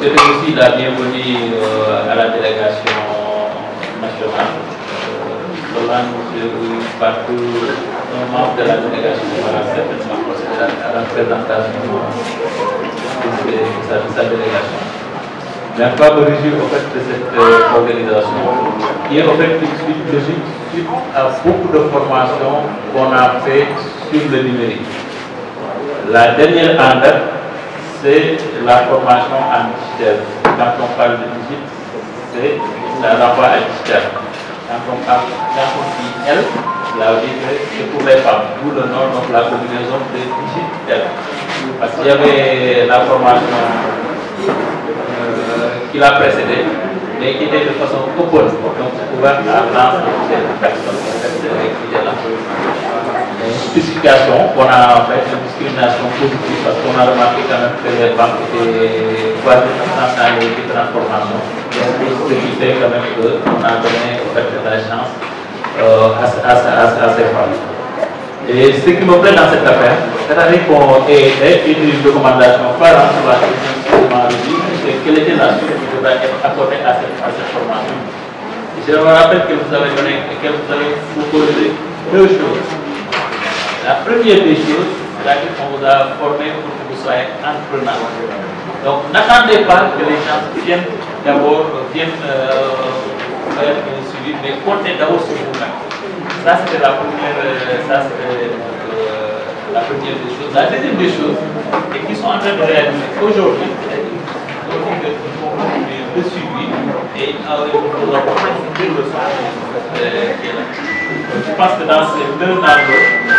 C'était aussi la bienvenue euh, à la délégation nationale. Nous nous partout, un membre de la délégation va certainement procéder à la présentation euh, de sa délégation. Mais en quoi me fait de cette euh, organisation qui est en fait une suite logique suite à beaucoup de formations qu'on a faites sur le numérique. La dernière en date, c'est la formation en digital. Quand on parle de digital, c'est la voie à digital. Quand on parle elle », la vie, ne pouvait pas d'où le nom, donc la combinaison de digital. Parce qu'il y avait la formation euh, qui l'a précédée, mais qui était de façon opposée, donc on à l'ensemble des personne qui était là spécification qu'on a fait une discrimination positive parce qu'on a remarqué quand même que les banques étaient voisines dans hein, Donc, pour a donné de la chance euh, à, ces femmes. Et ce qui me plaît dans cette affaire, c'est-à-dire qu'on ait une recommandation par sur la question c'est quelle était la suite qui devrait être accordée à cette, formation. Et je me rappelle que vous avez donné, et que vous avez proposé deux choses. La première des choses, c'est-à-dire qu'on vous a formé pour que vous soyez entrepreneur. Donc n'attendez pas que les gens viennent d'abord, euh, viennent euh, faire une suivi, mais comptez d'abord sur vous-même. Ça c'était la première, euh, ça c'était euh, la première des choses. La deuxième des choses, et qui sont en train de réaliser aujourd'hui, c'est le suivi et nous avons une leçon. Je pense que dans ces deux années,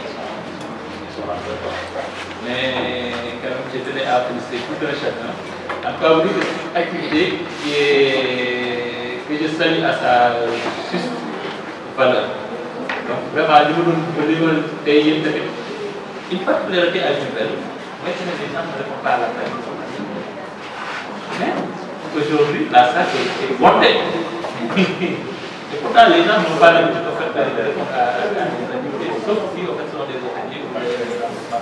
se rendait pas. Mais quand même, j'ai tenais à féliciter tout un chacun. En tout cas, vous dites cette activité qui est, que je salue à sa juste valeur. Donc vraiment, nous voulons payer une particularité à Jubel. maintenant les gens ne répondent pas à la l'appel. Mais aujourd'hui, la salle est bondée. Et pourtant, les gens ne vont pas l'habitude de faire des réponses à, la à, sauf si en fait, ce sont des autres.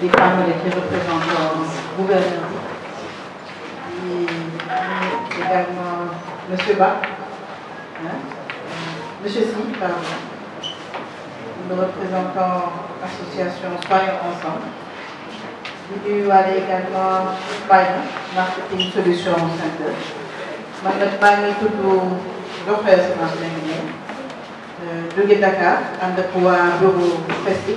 des femmes qui représentent représentants gouvernement. Et également M. Bach, hein, M. Si, pardon, le représentant association Soyons Ensemble. Il y aller également Bayan, Marketing Solutions Center. Madame Bayan est tout l'offre de la semaine dernière. Dakar, en de pouvoir bureau festif.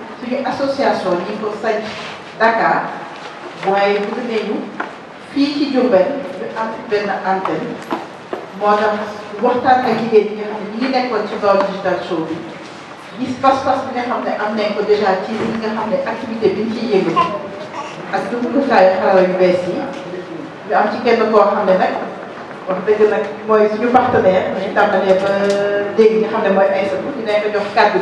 suñu association ñi ko sañ Dakar waaye bëgg nañu fii ci Diourbel ñu am benn antenne moo tax waxtaan ak jigéen ñi nga xam ne ñi nekkoon ci Baol Digital Show bi gis pas-pas xam ne am nañ ko déjà ci li nga xam ne activité bi ñu ciy yëngu ak jumtukaayu xarala yu bees yi ñu am ci kenn koo xam ne nag wax dëgg nag mooy suñu partenaire dañu tàmbalee ba dégg nga xam ne mooy ay sa ñu nekk jox kàddu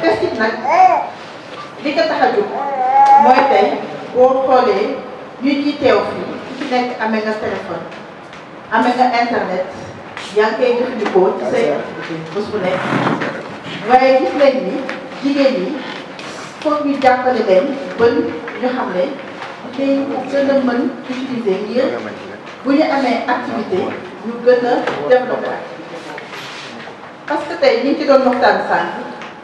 CESTID nag li ko tax a mooy tey boo xoolee ñu ci teew fii ci nekk amee nga téléphone amee nga internet yaa ngi koy jëfandikoo ci say activité bés bu nekk waaye gis nañ ni jigéen yi foog ñu jàppale leen ba ñu xam ne tey gën a mën utiliser ngir bu ñu amee activité ñu gën a développé parce que tey ñu ngi ci doon waxtaan sànq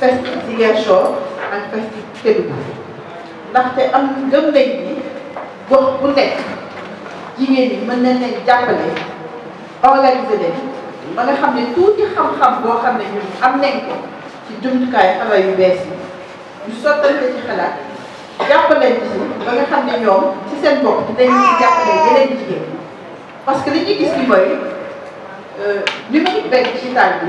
fes ci Ziguinchor ak fes ci Kédougou ndaxte am gëm nañ ni bu nekk jigéen ñi mën nañ leen jàppale organiser leen ba nga xam ne tuuti xam-xam boo xam ne ñun am nañ ko ci jumtukaay xala yu wees yi ñu sottante ci xalaat jàppale ñu si ba nga xam ne ñoom ci seen bopp dinañ jàppale yeneen jigéen parce que li ñuy gis ni mooy li muy béy ci taal bi.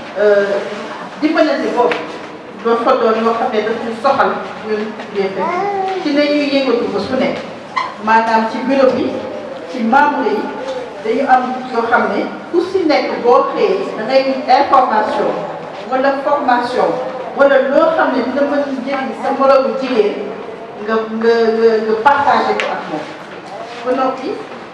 Euh, dimbalante boobu dafa doon loo xam ne daf ñu soxal ñun UGPM ci la ñuy yëngatu ba su nekk maanaam ci bureau bi ci membre yi dañu am yoo xam ne ku si nekk boo xëyee da ngay information wala formation wala loo xam ne dina mën njëriñ sa moromu jigéen nga nga nga nga ko ak moom ba noppi.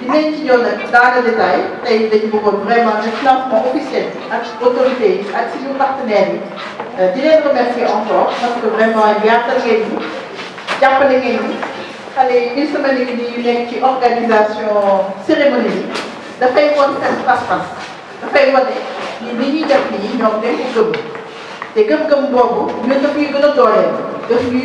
dinañ ci ñëw nag dans le détail tey dañu bëggoon vraiment le financement officiel ak autorités yi ak suñu partenaires yi euh, di leen remercier encore parce que vraiment yaatal ngeen ñu jàppale ngeen ñu xale yi une semaine yi ñu ci organisation cérémonie bi dafay won seen pas-pas dafay wane ni li ñuy te gëm-gëm boobu ñun daf ñuy gën a dooleel daf ñuy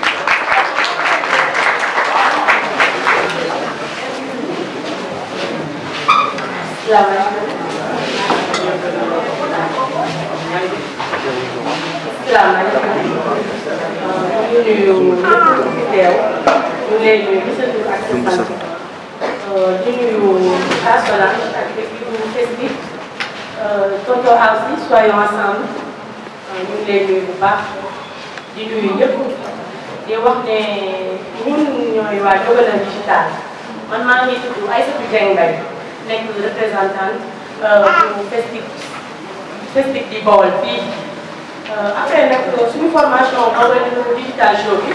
man maa ngi tudd Aïssatou Dieng Mbaye nekk représentante bu uh, ah! FESTIC FESTIC di Bawol fii. Uh, après nag uh, suñu formation Bawol digital show bi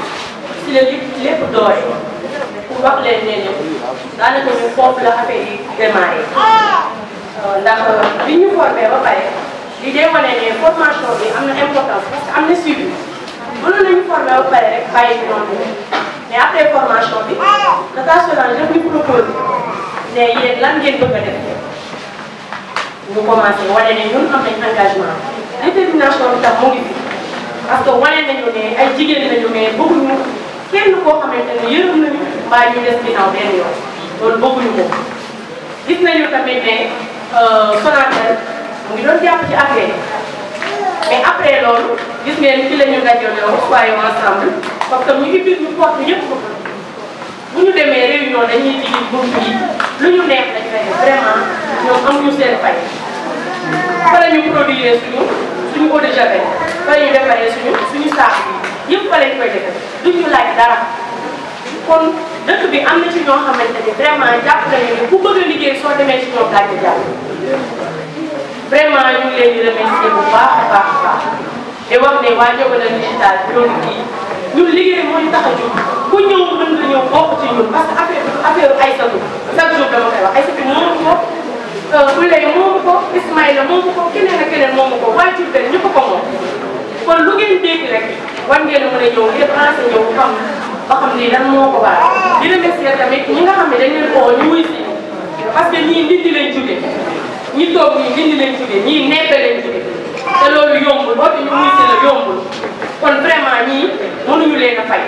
si la lépp doore pour wax leen ne ne daanaka ñu foofu la affaire yi démarré ah! ndax bi ñu formé ba pare li dee wane ne formation bi am na importance parce que am na suivi mënoon nañu formé ba pare rek bàyyi noonu mais après formation bi ah! Tata Solange daf ñu proposé. ne yéen lan ngeen bëgg a def ñu commencé wane ne ñun am nañ engagement détermination bi tam mu ngi fi parce que wane nañu ne ay jigéen lañu mais bëgguñu kenn koo xamante ne yërëm nañu mbaa ñu des ginnaaw benn yoon loolu bëgguñu ko gis nañu tamit ne euh, Sonatel mu ngi doon jàpp ci affaire mais après loolu gis ngeen fi la ñu dajaloo soyons ensemble parce que ñu ngi biir ñu porte ñëpp bu ñu demee réunion dañuy tijji buntu yi lu ñu neex lañ fay vraiment ñoom amuñu seen fay. fa la ñu produire suñu suñu eau de javel fa la ñu defaree suñu suñu saabu yëpp fa la ñu koy defee duñ ñu laaj dara kon dëkk bi am na ci ñoo xamante ni vraiment a liggéey soo demee ci ñoom laaj jàpp vraiment ñu ngi leen di remercier bu baax a baax a baax te wax ñun liggéey mooy tax a jóg ku ñëw mën na ñëw bokk ci ñun parce que affaire affaire ay satu chaque jour dama koy wax ay satu moomu ko euh, Boulaye moomu ko Ismaïla moomu ko keneen ak keneen moomu ko waaye jur benn ñëpp ko moom kon lu ngeen dégg rek war ngeen a mën a ñëw yëpp ansa ñëw xam ba xam ni lan moo ko baax di remercier tamit ñi nga xam ne dañ leen oo ñu wuy si parce que ñii nit di leen jóge ñi toog ñii nit di leen jóge ñii neppe leen jóge te loolu yombul boo ñu wuy si la yombul kon vraiment ñii mënuñu leen a fay.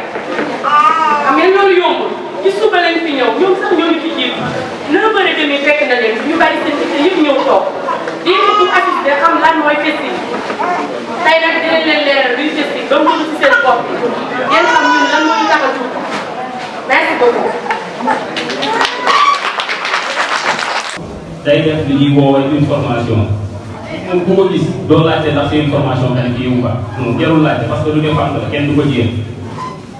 mais loolu yombul ci suba lañ fi ñëw ñoom sax ñoo ngi fi jiitu na la bëri demee fekk na leen ñu bàyyi seen cité yëpp ñëw toog lii ñu de xam lan mooy festif tey nag dinañ leen leeral luy festif ba mu dugg ci seen bopp ngeen xam ñun lan moo ñu tax a jóg merci beaucoup. day def li ñuy woowee une moom ku ko gis doo laajte ndax si information nga kii wu ba moom laajte parce que lu dépend la kenn du ko jéem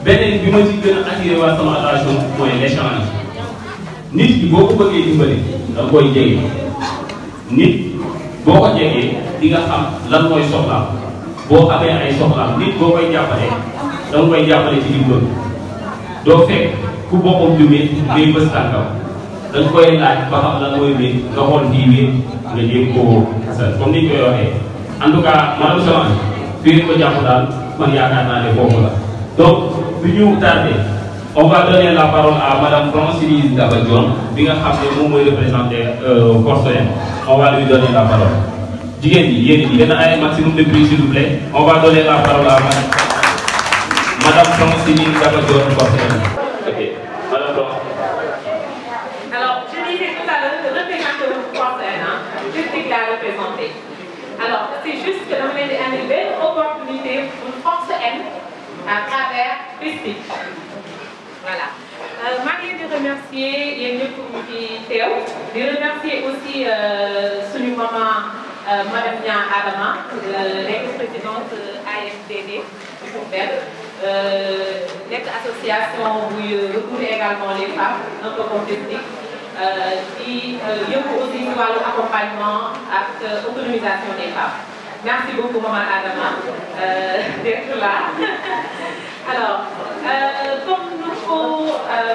beneen bi ma ci gën a attiré waa sama attention mooy l'échange nit nit boo ko jegee di xam lan mooy soxlaam boo amee ay soxlaam nit boo koy jàppale da koy jàppale ci dimbali doo fekk ku boppam jumee ngay bës tànkam dañ koy laaj ba xam lan mooy mbir nga xool fii mbir nga jéem koo kasal comme ni ñu koy waxee en tout cas maanaam semence bi fii ko jàpp daal man yaakaar naa ne foofu la donc bi ñu tardé on va donner la parole à madame Francine Daba Dione bi nga xam ne moom mooy représenter Corsoyen on va lui donner la remercier yéen ñëpp ñu ci teew Je remercier aussi euh, son maman euh, madame Nia Adama l'ex-présidente AFDD du euh, l'ex euh, association buy recouvrir également les femmes notre peu Euh, di yëngu aussi du wàllu accompagnement ak autonomisation des femmes merci beaucoup maman Adama d'être là alors comme nous Euh,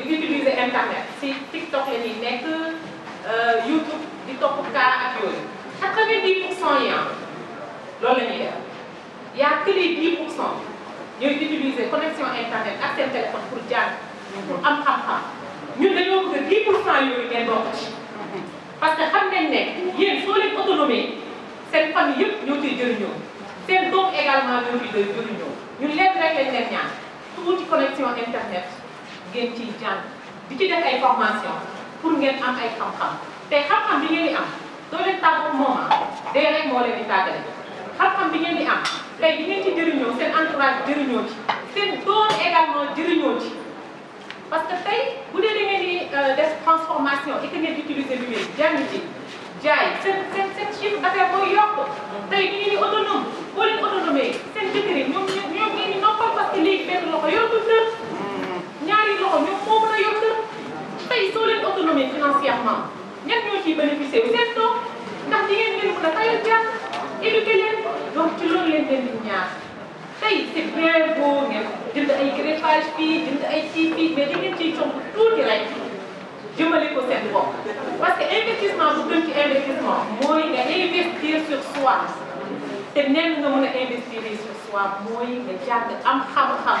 Ils utilisent Internet. Si TikTok est né, que euh, YouTube, TikTok, Kakakakul. 90% y a. Dans le milieu. Il n'y a que les 10% qui ont utilisé la connexion Internet, accès au téléphone pour dire, pour am am am. Nous n'avons que 10% qui ont été dans Parce que ils sont une autonomes. C'est une famille qui ont été dans C'est donc également une famille qui ont été dans Nous avons une connexion Internet. ngeen ci jàng bi ci def ay formation pour ngeen am ay xam-xam te xam-xam bi ngeen di am doo leen moom ah dee rek moo leen di tàggale xam bi ngeen di am tey di ngeen ci jëriñoo seen entourage jëriñoo ci seen doom également jëriñoo ci parce que tey bu dee da ngeen di euh, def transformation et bi ngeen utiliser numérique jaay seen seen seen chiffre d'affaires mooy yokk tey di ngeen di autonome boo leen autonome seen jëkkër yi ñoom ñoom ñoom ngeen di noppal parce que léegi benn loxo loxo ñoom moo mën a yor kër tey soo leen autonomie financièrement ñenn ñoo ciy bénéficié wu seen doom ndax di ngeen leen mën a fayal jàng éduquer leen donc ci loolu leen leen di ñaar tey c'est bien beau ngeen jënd ay greffage fii jënd ay kii fii mais da ngeen ciy comp tuuti rek jëmale ko seen bopp parce que investissement bu gën ci investissement mooy nga investir sur soi te nen nga mën a investir sur soi mooy nga jàng am xam-xam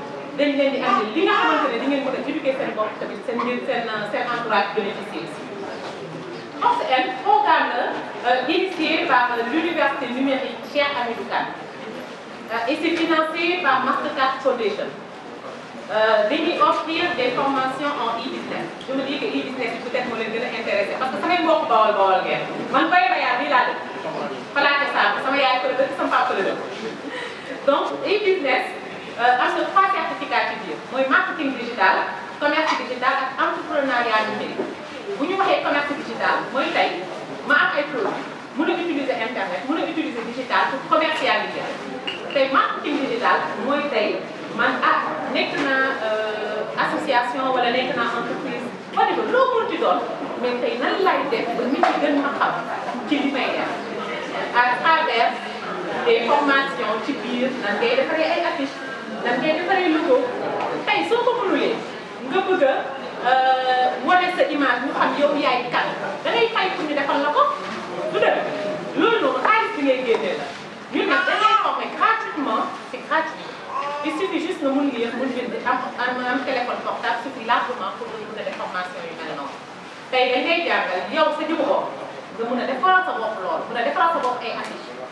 dañ leen di andi li nga xamante ne di ngeen mën a éduquer seen bopp tamit seen ngir seen euh, seen entourage bénéficier si OCM programme la euh, initié par euh, l'université numérique Cheikh Hamidou Kane et c'est financé par Mastercard Foundation dañuy offrir des formations en e-business je me dis que e-business bi peut-être moo leen gën a intéressé parce que sama mbokk bawal bawal ngeen man bay bayaa bii laa dëkk falaate saako sama yaay ko la dëkk sama papa la dëkk donc e-business Uh, astăzi ca certificativ. mooy marketing digital commerce digital ak entrepreneuriat numérique bu ñu waxee commerce digital mooy tey ma am ay produits mën a utiliser internet mën a utiliser digital pour commercialiser tey marketing digital mooy tey man ah nekk naa uh, association wala nekk naa entreprise wala ba loo mënti doon mais tey nan lay def ba nit ñi gën ma xam ci li may def à travers des formations ci biir nan ngay defaree ay affiches. lan ngay defaree logo tey soo ko mënulee nga bëgg a wane sa image mu xam yow yaay kan da ngay fay pour ñu defal la ko du dëgg loolu noonu xaalis bi ngay génnee la ñu nag da ngay former gratuitement c' est gratuit il suffit juste nga mun lire mun bind am am téléphone portable suffit largement pour nga mun a def formation yu mel noonu tey dañ lay jàngal yow sa jëmu bopp nga mun a defaral sa bopp loolu mun a defaral sa bopp ay affiche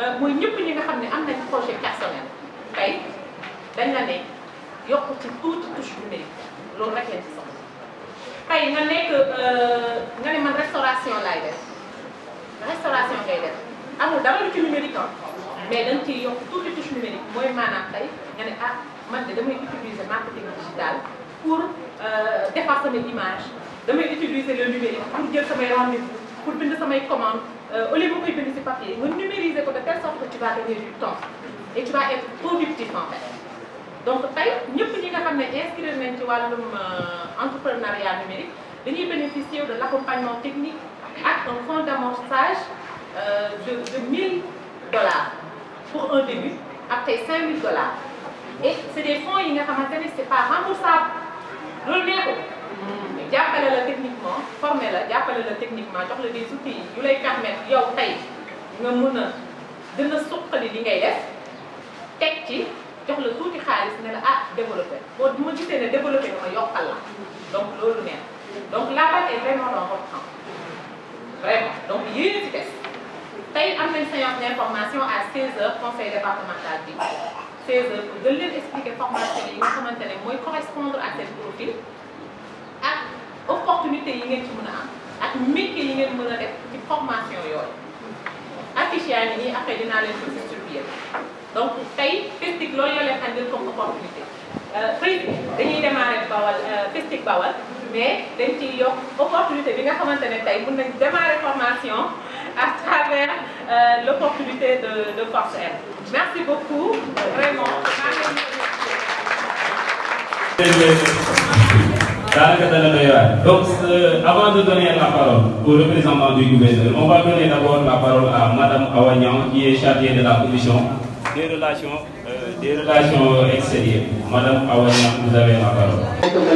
Euh, moy ñëpp ñi nga xamné projet personnel dañ ci tout euh, touche numérique rek ci nga restauration ah, def restauration def dara numérique mais dañ tout touche numérique marketing digital pour euh, sama utiliser le numérique pour jël rendez pour commande euh, au lieu de vous numérisez de telle sorte que tu vas gagner du temps et tu vas être productif en fait. Donc, nous inscrire inscrit dans l'entrepreneuriat euh, numérique, venir bénéficier de l'accompagnement technique avec un fonds d'amortissage euh, de, 1 1000 dollars pour un début, après 5000 dollars. Et c'est des fonds, ne sont pas remboursables jàppale la techniquement formé la jàppale la techniquement jox la des outils yu lay permettre yow tey nga mën a gën a suqali li ngay def teg ci jox la tuuti xaalis ne la ah développé boo du ma gisee ne développé nga ma yokkal la donc loolu neen donc la balle est vraiment dans votre vraiment donc yéen ci une tey am nañ séance à 16h conseil départemental 16h pour gën expliquer formation yi nga xamante ne mooy correspondre à ce profil ak opportunité yi ngeen ci mën a am ak métier yi ngeen mën a def ci formation yooyu affiche yaa ngi nii après dinaa leen ko distribuer donc tey FESTIC loolu yoo leen andil comme opportunité euh, président dañuy démarrer Bawal euh, FESTIC Bawal mais dañ ci yokk opportunité bi nga xamante ne tey mën nañ démarrer formation à travers euh, l'opportunité de de Force R merci beaucoup vraiment donc avant de donner la parole au représentant du gouvernement, on va donner d'abord la parole à Mme Awanyan, qui est chargée de la commission des relations extérieures Mme Awanyan, vous avez la parole.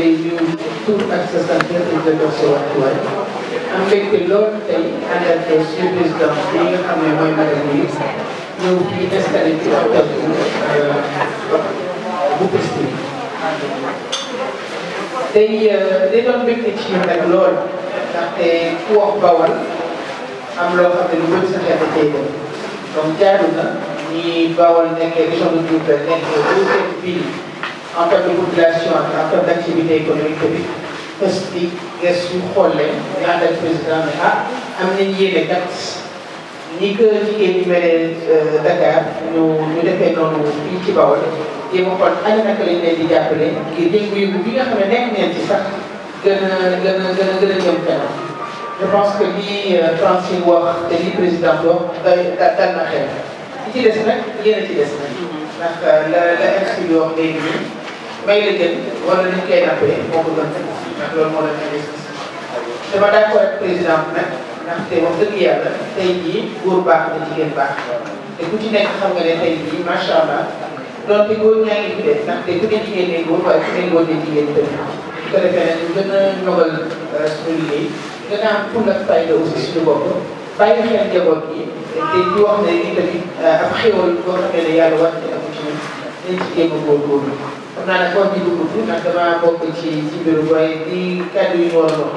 day uh, they don't make it nag lool ndaxte ku wax bawal am loo xam ne lu bëri sa xel da cay dem donc jaadu na ñi bawal nekkee région de Diourbel nekkee deux sept villes en terme de population after the activity d' activité économique bi parce que gëstu xool leen ñu ànd président mais ah am nañ yéene kat. ni que jigéen ñi meleen euh, Dakar ñu ñu defee noonu fii ci Bawol jéem a xool ana naka lañ leen di jàppale ngir bi nga xam ne nekk neen ci sax gën a gën a gën a gën a jëm kanam je pense li euh, Francine wax te li président wax dal na xel li ci des nag euh, la la exi wax léegi nii may la gën wala ni ñu koy nappee moo ko gën ndax loolu moo la investissement dama ndaxte wax dëgg yàlla tey jii góor baax na jigéen baax te ku ci nekk xam nga ne tey jii macha allah donte góor ñaa ngi fi de ndaxte ku ne jigéen ne góor waaye ku ne góor ne jigéen tamit su ko defee nag ñu gën a ñogal euh, suñu liggéey gën a am pour ak fayda aussi suñu bopp bàyyi xel njaboot di wax ne ni tamit ab xéwal boo xamee ne yàlla wax na ci ñun dañ ci jéem a góorgóorlu xam naa nag wax ji du gudd ndax damaa bokk ci ci mbirum waaye di kàddu yu ñu war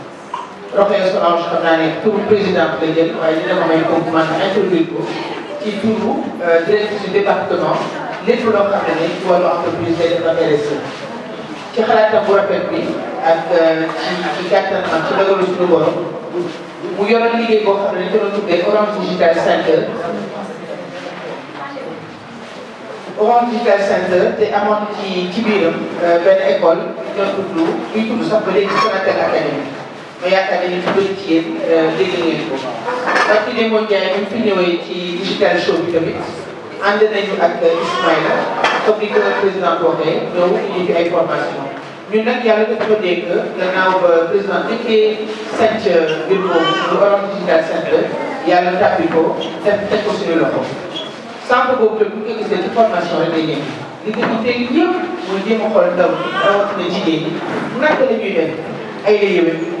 Rokhaya Solange xam naa ne turu président la jël waaye dina ko may compliment introduire ko ci turu euh, directrice du département lépp loo xam ne ci wàllu entreprise lay def la RSE ci xalaatam bu rafet bi ak euh, ci ci gàttal maam ci dogalu suñu borom mu yoroon liggéey boo xam ne dañu doon tuddee Orange Digital Center Orange Digital Center te amoon ci ci biiram euh, benn école ñoo tudd luy tudd sax ba léegi Sonatel Académie ma yaakaar ne ñu bëri ci yéen euh, dégg ngeen ko. parce que Demba Ndiaye bu ñu fi ñëwee ci digital show bi tamit ànd nañu ak euh, Ismaïla comme ni ko président waxee ñoom ñu fi ay formation ñun nag yàlla dafa ko dégg gannaaw ba président dëkkee sant euh, mbir moomu lu waroon digital centre yàlla tàbbi ko te teg ko suñu loxo. centre boobu tamit bu ñu ko gisee ci formation rek lay nekk li nga fi teg yëpp mooy jéem a xool ndaw rawatina jigéen ñi naka la ñuy def ay la yëwee.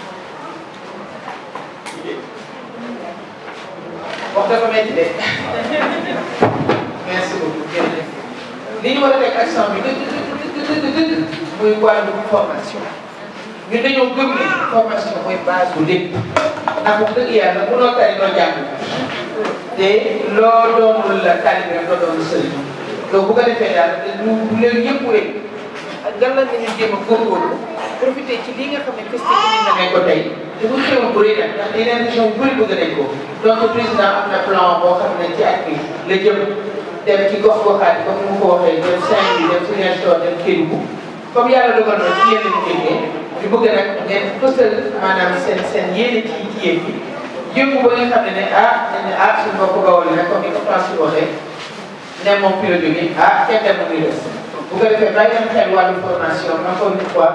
మొట్టమొదటి li ñu war a nekk ak sang bi muy wàllu formation ñun dañoo gëm ne formation mooy base bu lépp ndax bu dëgg yàlla mënoo tari doo jàng talibã, loo doonul la taalibe rek loo doonul sëriñ donc bu ko defee daal lu leen yëpp rek gàllankoor ñu jéem a góorgóorlu profité ci li nga xam ne festival yi na ko tey. te bu ñu xewoon bu rëy nag ndax yeneen région bu bëri bëgg nañ ko donc am na plan boo xam ne ci at bi la jëm dem ci gox goxaat yi comme ni ma ko waxee dem Saint-Louis dem Ziguinchor dem Kédougou comme yàlla dogal na ci yéen lañu jógee ñu bëgg nag ngeen fësal maanaam seen seen yéene ci ci yéen bi yëngu ba nga xam ne ne ah dañ ne ah suñu bopp bawal nag comme ni ko François waxee ne moom fi la ah kenn dem na muy des bu ko defee bàyyi nañ xel wàllu formation encore une fois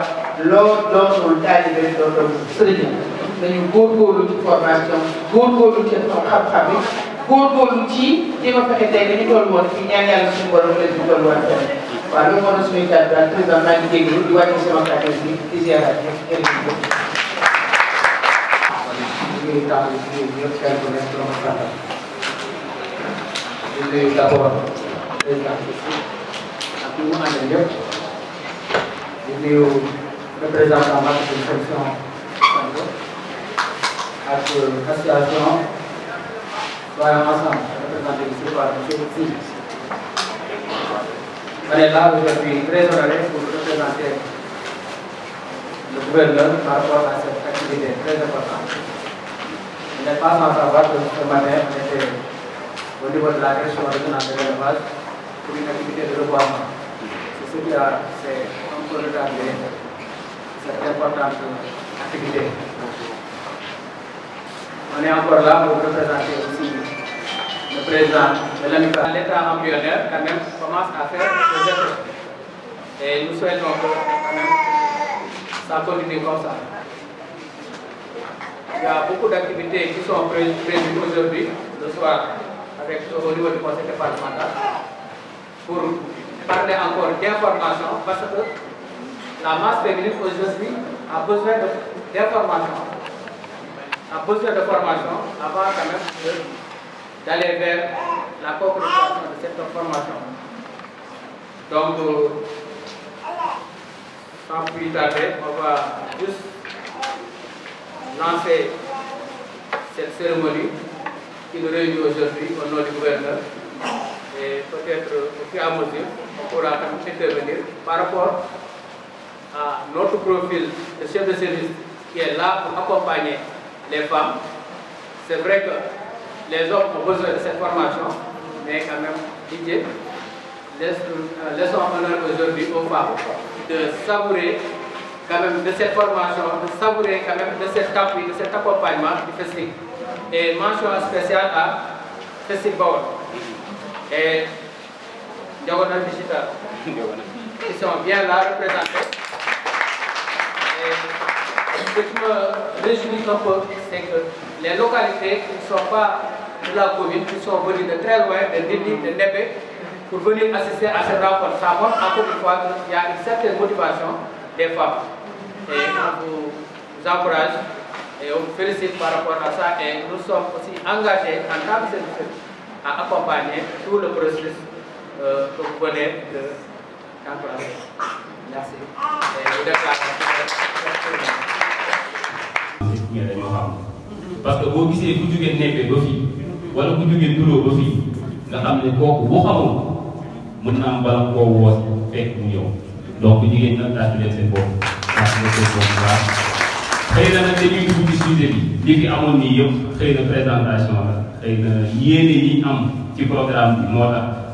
loo doonul taalibe loo doonul sëriñ dañu góorgóorlu ci formation góorgóorlu ci xam-xam bi góorgóorlu ci li ma fexe tey dañu toll woon fii ñaan yàlla suñu borom la ñu toll woon tey waaw loolu moo doon suñu kàddu daal président maa ngi déglu di wàññi sama kàddu bi di ziaraat ñëpp ñu ngi tàmbali ci ñëpp kenn ku nekk dama tàmbali. ñu ngi d' abord président de you and the left. If you represent Amat Concepcion as Kasi Astronaut, so I am Assam, representing Superintendent C. Manila, which has been raised on a red to represent the governor, Marquardt as actually the treasure person. In the past, I have worked with someone there, and they say, Bollywood Rakesh Varadhan, and they were the first to be connected to the Obama. c'est un peu retardé, cette importante activité. On est encore là pour représenter aussi le président de l'AMICA. L'État embryonnaire, quand même, commence à faire ses efforts. Et nous souhaitons quand même, ça continue comme ça. Il y a beaucoup d'activités qui sont prévues aujourd'hui, le soir, avec, au niveau du conseil départemental, pour parler encore d'information parce que la masse féminine aujourd'hui a besoin d'information, a besoin de formation avant quand même d'aller vers la concrétisation de cette formation. Donc, euh, sans plus tarder, on va juste lancer cette cérémonie qui nous réunit aujourd'hui au nom du gouverneur et peut-être aussi à mesure pour intervenir par rapport à notre profil de chef de service qui est là pour accompagner les femmes. C'est vrai que les hommes ont besoin de cette formation, mais quand même, Didier, laissons honneur aujourd'hui aux femmes de savourer quand même de cette formation, de savourer quand même de cet appui, de cet accompagnement du festival. Et mention spécial à uh, Festival Et qui sont bien là représentés. Et ce qui me réjouit un peu, c'est que les localités qui ne sont pas de la commune, qui sont venues de très loin, de Dini, de Nébé, pour venir assister à ce rapport. Ça montre encore une fois qu'il y a une certaine motivation des femmes. Et on vous, encourage et on vous félicite par rapport à ça. Et nous sommes aussi engagés en tant que service à accompagner tout le processus cùng vừa đến từ các bạn nhạc sĩ để đưa ra ñëre ñoo xam parce que boo gisee ku jógee nekkee ba fii wala ku jógee duroo ba fii nga xam ne kooku boo xamul mën naa am bala koo woos fekk mu yow donc jigéen nag daa ci leen seen bopp daa ci leen seen bopp waaw xëy na nag dañuy dugg ci sujet bi li fi amoon nii yëpp xëy na présentation la xëy na yéene yi am ci programme bi moo tax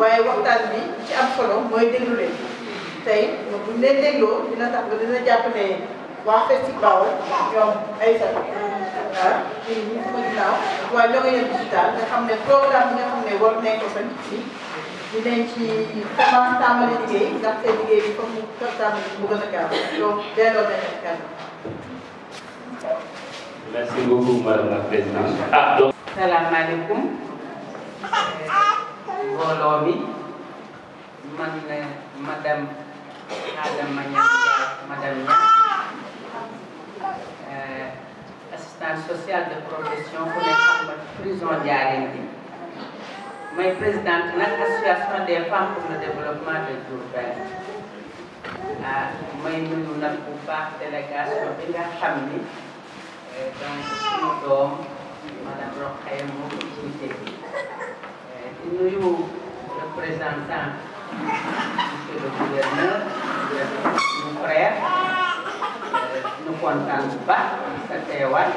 waaye waxtaan bi ci am solo mooy déglu leen tey buñ leen dégloo dina tax ba dina jàpp ne waa festival ñoom ay sax ah fii ñu ngi ko ginnaaw waaye Ndongué digital nga xam ne programme bi xam ne war nañ ko fa nit ci commencé tàmbali liggéey ndax seen liggéey bi comme mu tàmbali mu gën a gaaw donc delloo nañ ak kanam. merci beaucoup madame la présidente. Ah, salaamaaleykum. mbooloo Madame madame Adama madame euh, assistante sociale de profession pour les femmes de prison Ndiarène Mes may présidente association des femmes pour le développement de l'urbain. Nous avons une nag délégation de la xam ni euh, donc suñu doom madame Rokhaya moo ko Inuyu representa el gobierno nuclear no kontaan bu baax sa teewaay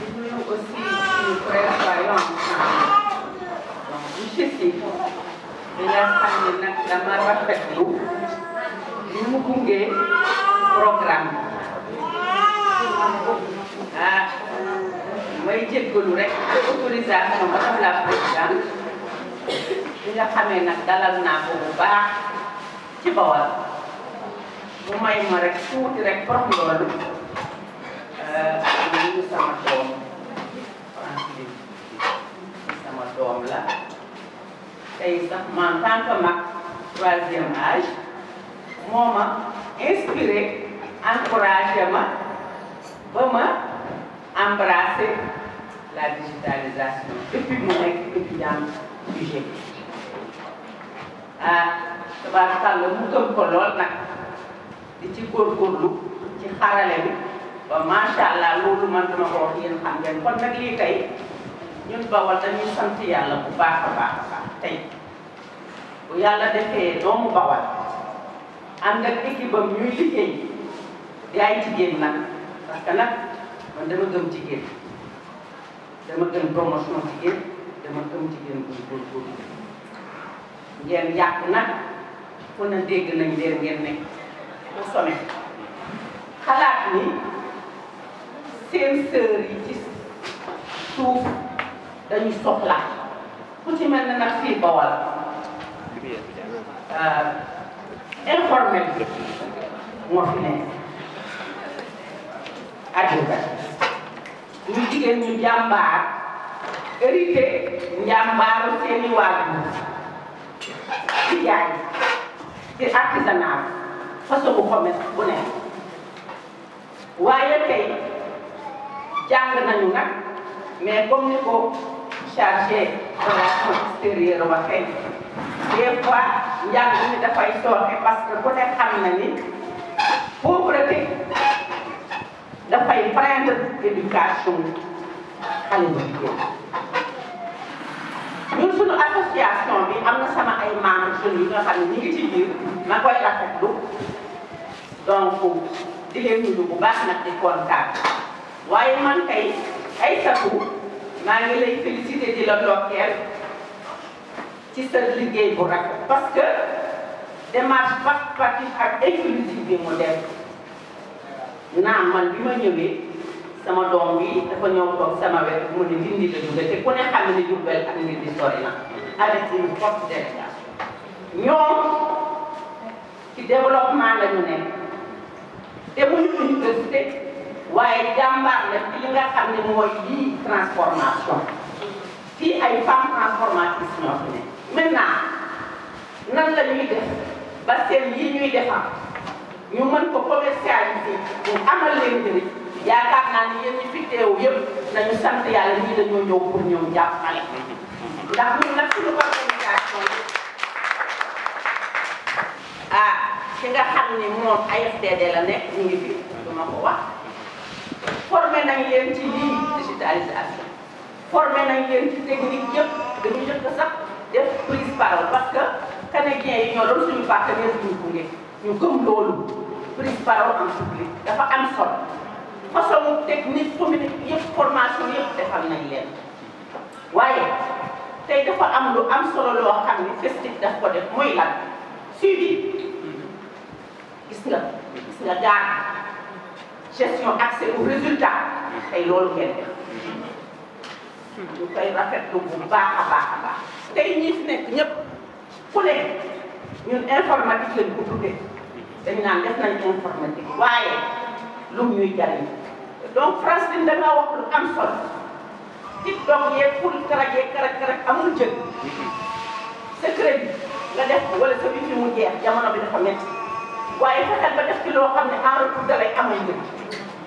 di nuyu aussi suñu frère Bayon monsieur di nga xam ne nag dama rafetlu li mu gungee ah may jéggalu rek autorisation madame la présidente bi nga xamee nag dalal naa ko bu baax ci bawal mu may ma rek tuuti rek borom loolu ñu euh, sama doom Franklin sama doom la tey sax en tant que mag troisième âge moo ma inspiré encouragé ma ba ma embrassé la digitalisation euh, depuis mu nekk étudiante UG ah tabaarkàlla mu gëm ko lool nag di ci góorgóorlu ci xarale bi ba macha allah loolu man dama ko wax yéen xam ngeen kon nag lii tey ñun Bawol dañuy sant yàlla bu baax a baax a baax tey bu yàlla defee doomu Bawol ànd ak équipe am ñuy liggéey di ay jigéen nag parce que nag man dama gëm jigéen. dama gëm promotion jigéen dama gëm jigéen buy góorgóorlu ngeen yàq nag fu na dégg nañ leen ngeen nekk au sommet xalaat ni seen sœur yi ci suuf dañu soxla ku ci mel ne ñu jigéen ñu jàmbaar hérité njàmbaaru seeni waajur ci jaay ci artisanat façon bu commerce bu ne waaye tey jàng nañu nag mais comme ni ko chargé relation extérieure waxee des fois njàng mi dafay sooxe parce que ku ne xam na ni pauvreté dafay prendre éducation xale bu jigéen ñun suñu association bi am na sama ay membres jeunes yi nga xam ne ñu ngi ci biir ma koy rafetlu donc di leen nuyu bu baax nag di kontaan waaye man tey ay sakku maa ngi lay féliciter di la ndokkeel ci sa liggéey bu rafet parce que démarche participative ak inclusive bi mu def. naam man bi ma ñëwee sama doom bi dafa ñëw toog sama wet mu ne dindi la jóge te ku ne xam ne Jurbel ak nit di sori na avec une forte délégation ñoom ci développement la ñu nekk demuñu université waaye jàmbaar la ci li nga xam ne mooy lii transformation fii ay femmes transformatrices ñoo fi ne maintenant nan la ñuy def ba seen yi ñuy defar ñu mën ko commercialiser mu amal leen njëriñ yaakaar naa ni yéen ñi fi teew yëpp nañu sant yàlla ñii dañoo ñëw pour ñëw jàppale ndax ñun nag suñu organisation yi ah ki nga xam ni moom AFDD la nekk ñu ngi fi duma ko wax formé nañ leen ci lii digitalisation formé nañ leen ci technique yëpp dañu jëkk sax def prise parole parce que canadiens yi ñoo doon suñu partenaire suñu gunge ñu gëm loolu prise parole en public dafa am solo façon technique communique yëpp formation yëpp defal nañ leen waaye tey dafa am lu am solo loo xam ni festif daf ko def muy lan suivi gis nga gis nga gaar gestion accès au résultat tey loolu ngeen def ñu koy rafetlu bu baax a baax a baax tey ñi nekk ñëpp ku ñun informatique lañ ko tuddee dañ naan def nañ informatique waaye lu ñuy jariñ donc Francine da nga wax lu am solo TikTok yeeg pour karaj yeeg karaj karaj amul jël secret bi nga def wala sa wifi mu jeex jamono bi dafa métti waaye fexeel ba def ci loo xam ne en retour dalay amal njëg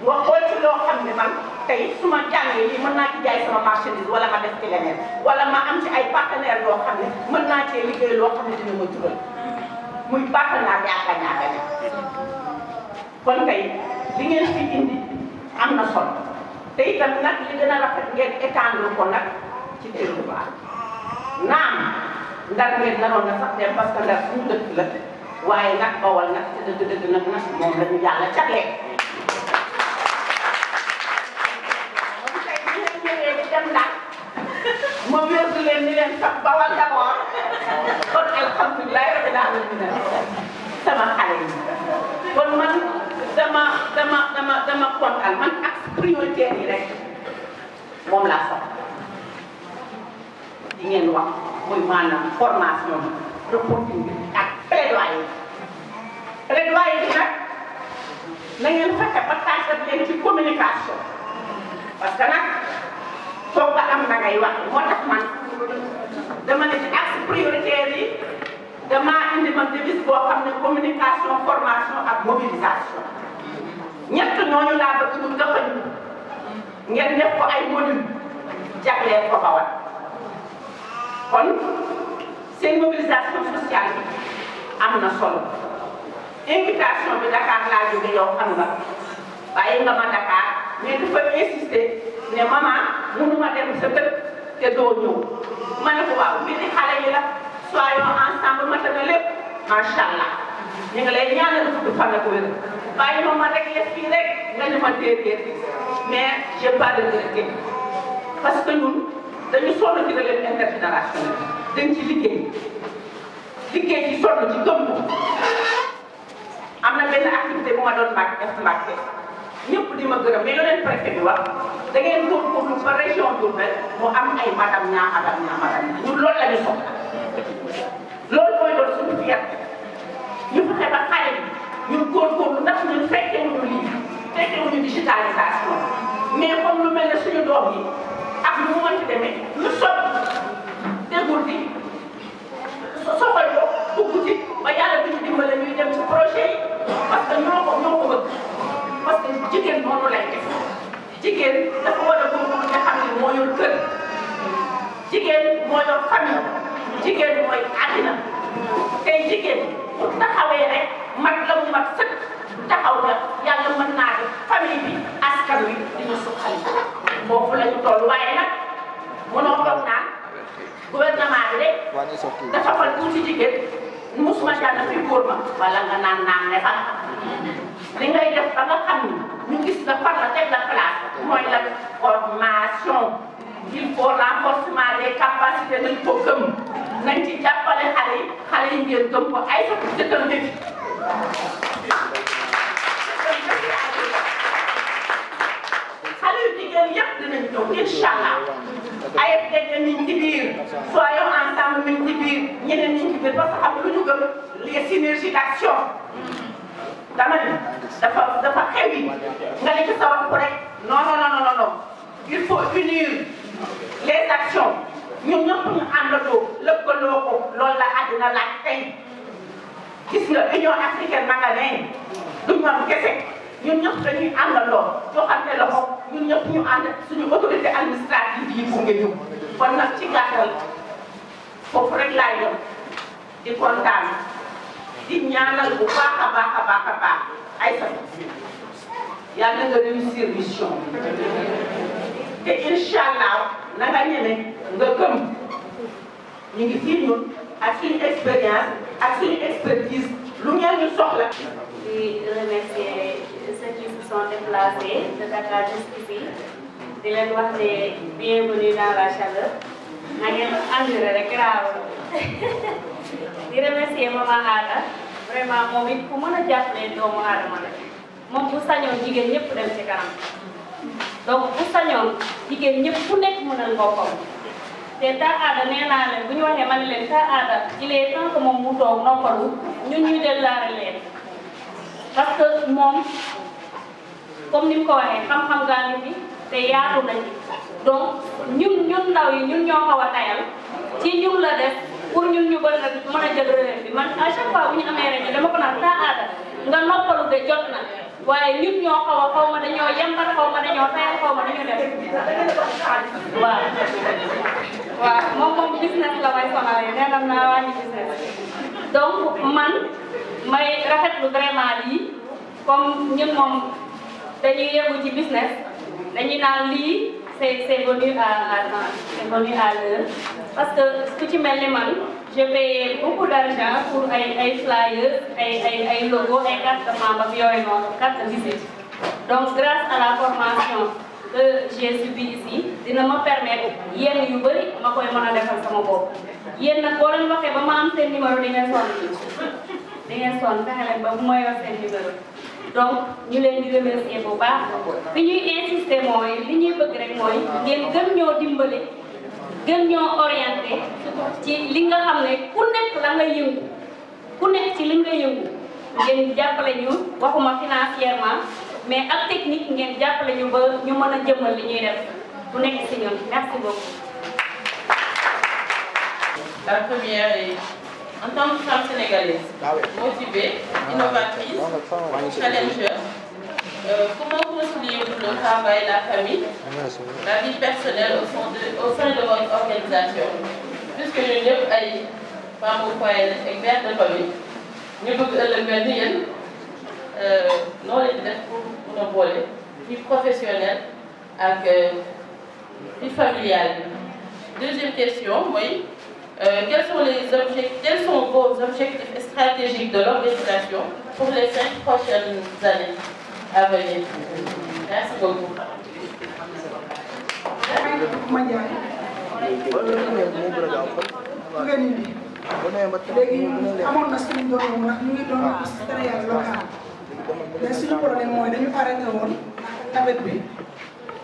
nga xool ci loo xam ne man tey su ma jàngee lii mën naa ci jaay sama marchandise wala ma def ci leneen wala ma am ci ay partenaires yoo xam ne mën naa cee liggéey loo xam ne dina ma muy partenaire ñaaka ñaaka ña kon kay li ngeen indi am na solo te itam li gën a rafet ngeen étendre ko nag ci territoire naam ndar ngeen naroon na sax dem parce que ndar suñu dëkk la waaye nag bawal nag te nag nag moom la ñu yàlla jagle. moom tey bi ngeen ñëwee di dem ndax moom yóbbu leen ni leen sax bawal d'abord. kon alhamdulilah rabbil alamin sama xale yi kon man dama dama dama dama kontaan man ak prioritaire yi rek moom laa sax di ngeen wax muy maanaam formation de contenu ak plaidoyer plaidoyer bi nag na ngeen fexe ba tàggat leen ci communication parce que nag soo ko am na ngay wax moo tax man. dama ne ci axe prioritaire yi damaa indi man devise boo xam ne communication formation ak mobilisation ñett ñooñu laa bëgg ñu dëxëñ ngeen def ko ay module jagleel ko Bawal kon seen mobilisation sociale bi am na solo invitation bi Dakar laa jóge yow xam nga bàyyi nga ma Dakar mais dafa insister ne maman mënuma dem sa dëkk te doo ñëw ma ne ko waaw mi ni xale yi la soyons ensemble ma tamit lépp macha allah ñu ngi lay ñaanal gudd fan ak wér bàyyi ma ma rek les fii nga ñu ma déedéet mais je pas de regret parce que ñu dañu sonn ci relève intergénérationnel dañ ci liggéey liggéey ci sonn ci gëm am na benn activité bu ma doon mbàkk def mbàkke ñëpp di ma gën mais leneen préfet bi wax da ngeen góorgóorlu ba région Diourbel mu am ay madame ñaa madame ñaa madame ñaa ñun loolu la ñu soxla loolu mooy doon suñu fiyat ñu fexe ba xale bi ñun góorgóorlu ndax ñun fekke wuñu lii fekke wuñu digitalisation mais comme lu mel ne suñu doom yi ak lu mu mënti demee lu sot dégul di soxal ko bugg ci ba yàlla duñu dimbale ñuy dem ci projet yi parce que ñoo ko ñoo ko bëgg parce que jigéen noonu lay def jigéen dafa war a góorgóorlu nga xam moo jigéen moo yor famille jigéen mooy àddina tey jigéen bu taxawee rek mat la mu mat sëkk taxaw na yàlla mën naa def famille bi askan wi dañu suqali foofu la ñu toll waaye nag mënoo foog naan bi de dafa fal jigéen. musuma jàll fi góor ma wala nga naan naan ne fa li nga xam ñu gis la far la teg la place mooy la formation il faut renforcement des capacités nañ ko gëm nañ ci jàppale xale yi xale yi ngeen gëm jigéen y a de incha il y a ngi ci soyons ensemble mi ci ñeneen parce que am les synergies d'action D'accord ni dafa dafa pas nga ci non non non non non il faut unir les actions ñun ñëpp ñu àndandoo lëkkaloo ko loolu la gis Union africaine ma Nous ñun ñëpp dañuy àndandoo joxante loxo ñun ñëpp ñu ànd suñu autorité administrative yi gunge ñu kon nag ci gàttal foofu rek laay dem di kontaan di ñaanal bu baax a baax a baax a baax ay sa yàlla mission te incha allah na nga ñeme ñu ngi fii ñun ak suñu expérience ak suñu expertise lu ngeen ñu soxla. di remercier. de ceux qui se sont déplacés de Dakar jusqu'ici di leen wax ne bienvenue dans la chaleur na ngeen engrais vraiment moom it ku mën a jàppale doomu aadama la moom bu sañoon jigéen ñëpp dem ci kanam donc bu sañoon jigéen ñépp ku nekk mënal boppam te taa aada nee naa leen bu ñu waxee ma ne leen taa aada il est temps que moom mu toog noppalu ñun ñuy dellaare leen parce que moom comme ni mu ko waxee xam gaa ngi fi te yaatu nañ donc ñun ñun ndaw yi ñun ñoo xaw a la def pour ñun ñu bëri nag mën a jël relève bi man à chaque fois bu ñu amee rajo dama ko naan saa aada de jot na waaye ñun ñoo xaw a xaw ma dañoo yembar xaw ma dañoo tayal xaw ma dañoo def waaw waaw moom moom business la may soxla nee na naa man may rafetlu vraiment lii comme ñun moom dañuy yëngu ci business dañuy naan lii c'est c'est venu à à c'est venu à l'heure parce que ku ci mel ni man je paye beaucoup d'argent pour ay ay flyers ay ay ay logo ay carte de membre ak yooyu noonu carte de visite donc grâce à la formation que j'ai subie ici dina ma permettre yenn yu bëri ma koy mën a sama bopp yéen nag boo leen ba ma am seen numéro di ngeen di ngeen sonn fexe leen ba mooy wax seen donc ñu leen di remercier bu baax fi ñuy insister mooy li ñuy bëgg rek mooy ngeen gën ñoo dimbale gën ñoo orienté ci li nga xam ne ku nekk la nga yëngu ku nekk ci li nga yëngu ngeen jàppale ñu waxuma financièrement mais ak technique ngeen jàppale ñu ba ñu mën a jëmmal li ñuy def ku nekk si ñun merci beaucoup. en tant que femme sénégalaise, ah motivée, ah, innovatrice, challenger, euh, comment vous vous le travail, la famille, ah la vie personnelle au, sein de votre organisation Puisque nous ne des pas au foyer et experte de famille, nous sommes le même non les deux pour nous vie professionnelle avec euh, vie familiale. Deuxième question, oui. Euh, quels, sont les quels sont vos objectifs stratégiques de l'organisation pour les cinq prochaines années à venir Merci beaucoup.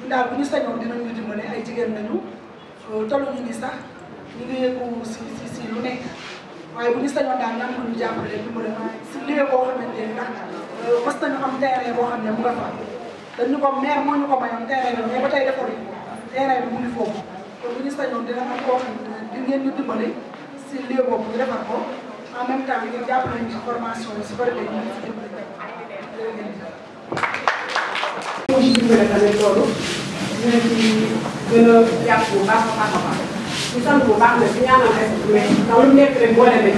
ñu daal bu ñu sañoon dinañu dimbale ay jigéen nañu tolluñu ni sax ñu ngi yëngu si si si lu nekk waaye bu ñu sañoon daal nan la ñu jàppale dimbale si lieu boo xamante ni ndax euh, mës nañu am terrain boo xam ne mu nga fa dañu ko maire moo ñu ko mayoon terrain bi mais ba tey defaruñu ko terrain bi mu ngi foofu kon bu ñu sañoon dina am koo ne ngeen ñu dimbale si lieu boobu ñu defar ko en même temps ngeen jàppale ñu si formation bi si bëri nañu si dimbale. moo si dimbale tamit loolu dina ci gën a jàpp bu baax a baax a baax di sant bu baax nag di ñaanal rek mais ndaw lu nekk rek boole nañ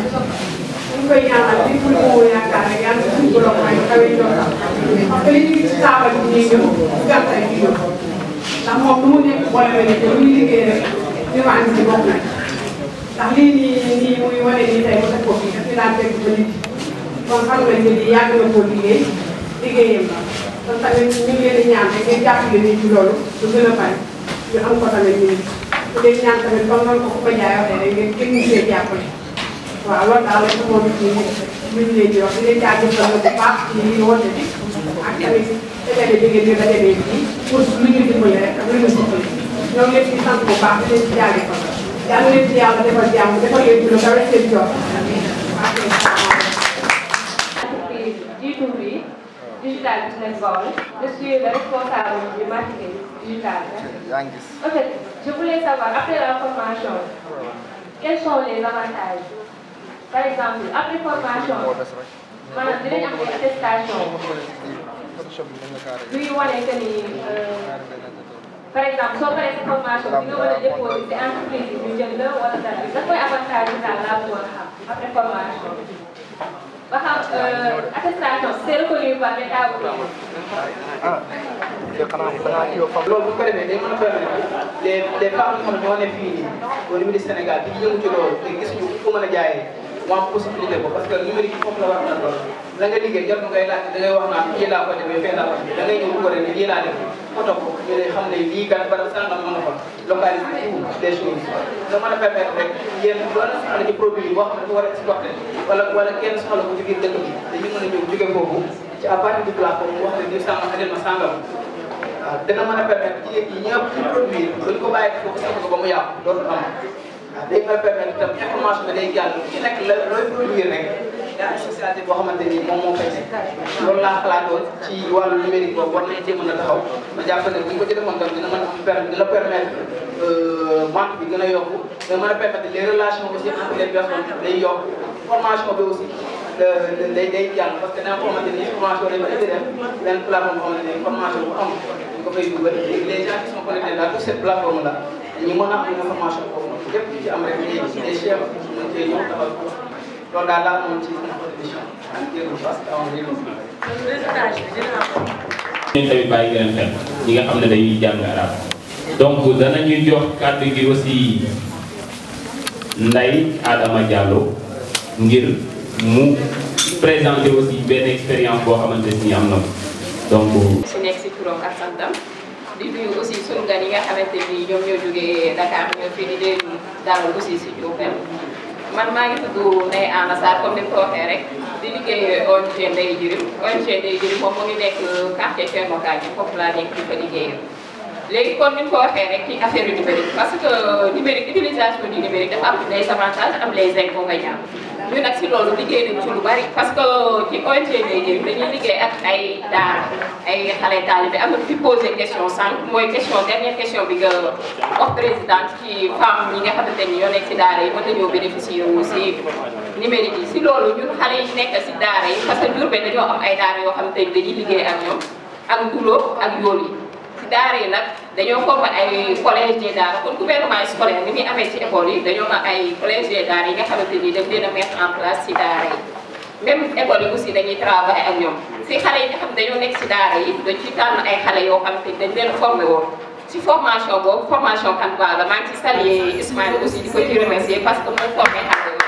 ñu koy ñaanal di ko ko yaakaar rek yàlla suñu borom may kawe njortam parce que li ñu ngi ci saabal bi ñuy ñëw ci gàttal ñuy ñëw ndax moom lu mu nekk boole nañ te lu ñu liggéey rek li ma andi ci bokk nañ ndax lii nii nii muy wane nii tey mu def ko fii daf ñu daan fekk ba nit kon xam nga ni yàgg na koo liggéey liggéeyam la kon tamit ñu ngi leen di ñaan rek ngeen jàppale nit ci loolu lu gën a bari ñu am ko tamit ñu ngi te leen ñaan tamit ba noonu ko ku ko jaay waxee rek ngeen gën ñu see jàppale waaw loolu daal lañ ko moom it ñu ñu ngi leen di wax di leen jaajëfal bu baax ci li ñu woote bi ak tamit dajale bi ngeen di dajale bi pour lu ñu dimbali rek ak lu ñu dimbali ñoom leen di sant bu baax di leen ci jaajëfal yàlla leen ci yàlla defal jàmm defal leen ci lu kawe seen jox Digital Business Bowl. Je suis le responsable du marketing digital. En fait, je voulais savoir, après la formation, quels sont les avantages Par exemple, après formation, maanaam dinañ am ay attestation luy wane que ni euh, par exemple soo paree sa formation bi nga mën a déposé ci entreprise bi ñu jël la wala dara bi da koy avantage daal laa bëggoon xam après formation ba xam attestation c'est reconnu par l'État ou ah loolu bu ko defee day mën a permettre les les femmes ñoo ne fii au niveau du Sénégal di yëngu ci loolu te gisuñu fu mën a jaayee. mu am possibilité boobu parce que numérique bi foofu la war a mën a doon la nga liggéey jot ngay laaj da ngay wax naan fii laa ko defee fee laa ko defee da ngay ñëw dugal ne lii laa def ko topp ñu ne xam ne lii gan barab sangam mën na fa localiser tout des choses nga mën a permettre rek yéen doon soxla ci produit yi boo xam ne dafa war a exporter wala wala kenn soxla ko ci biir dëkk bi dañu mën a ñëw jóge foofu ci à partir du plateforme wax ne ni sàmm xajal ma sàngam waaw dina mën a permettre ci ñi ñëpp ci produit yi buñ ko bàyyi foofu sax ko ba mu yàqu dootul am day ma permettre itam information bi day jàll ci nekk la looy produire rek daa am société boo xamante ni moom moo koy nekk loolu laa xalaatoon ci wàllu numérique boobu war nañ cee mën a taxaw ma jàpp ne bu ko jëlee moom tam dina mën a am per dina permettre vente euh, bi gën a yokku dina mën a permettre les relations aussi entre les personnes day yokk formation bi aussi euh, day day jàll parce que da nga xamante ni formation lañ ko def benn plateforme boo xamante ni formation bu am dañ ko fay dugal les gens qui sont connectés là toute cette plateforme là Donc, mën a am une information boobu noonu lépp lu ci am rek ñu donc danañu jox aussi expérience pour xamante ni donc. di nuyu aussi sunu gan yi nga xamante ni ñoom ñoo jógee Dakar ñoo fii di leen dalal aussi si Diourbel man maa ngi tudd Ndeye Anna Sarr comme ni ko waxee rek di liggéey ONG Ndeye Jirim ONG Ndeye Jirim moom mu ngi nekk quartier Thierno Kandji foofu laa nekk di fa liggéeyal. léegi kon ni ñu ko waxee rek ci affaire yu numérique parce que numérique utilisation du numérique dafa am les avantages am les inconvénients ñun nag si loolu liggéey nañ ci lu bari parce que ci ONG Ndeye Diagne dañuy liggéey ak ay daara ay xale taalibe am na fi posé question sànq mooy question dernière question bi nga wax présidente ci femme yi nga xamante ni yoo nekk si daara yi mën nañoo bénéficier wu si numérique yi si loolu ñu xale nekk si daara yi parce que Diourbel dañoo am ay daara yoo xamante ni dañuy liggéey ak ñoom ak ak yool yi daara yi nag dañoo foog ay collège des daara kon gouvernement scolaire ni muy amee ci école yi dañoo am ay collège des daara yi nga xamante ni daf leen a mettre en place ci daara yi même école yi aussi dañuy travailler ak ñoom si xale yi nga xam dañoo nekk si daara yi dañ ci tànn ay xale yoo xam te dañ leen formé woon si formation boobu formation kan la maa ngi ci saluer Ismaël aussi di ko ci remercier parce que moo formé xale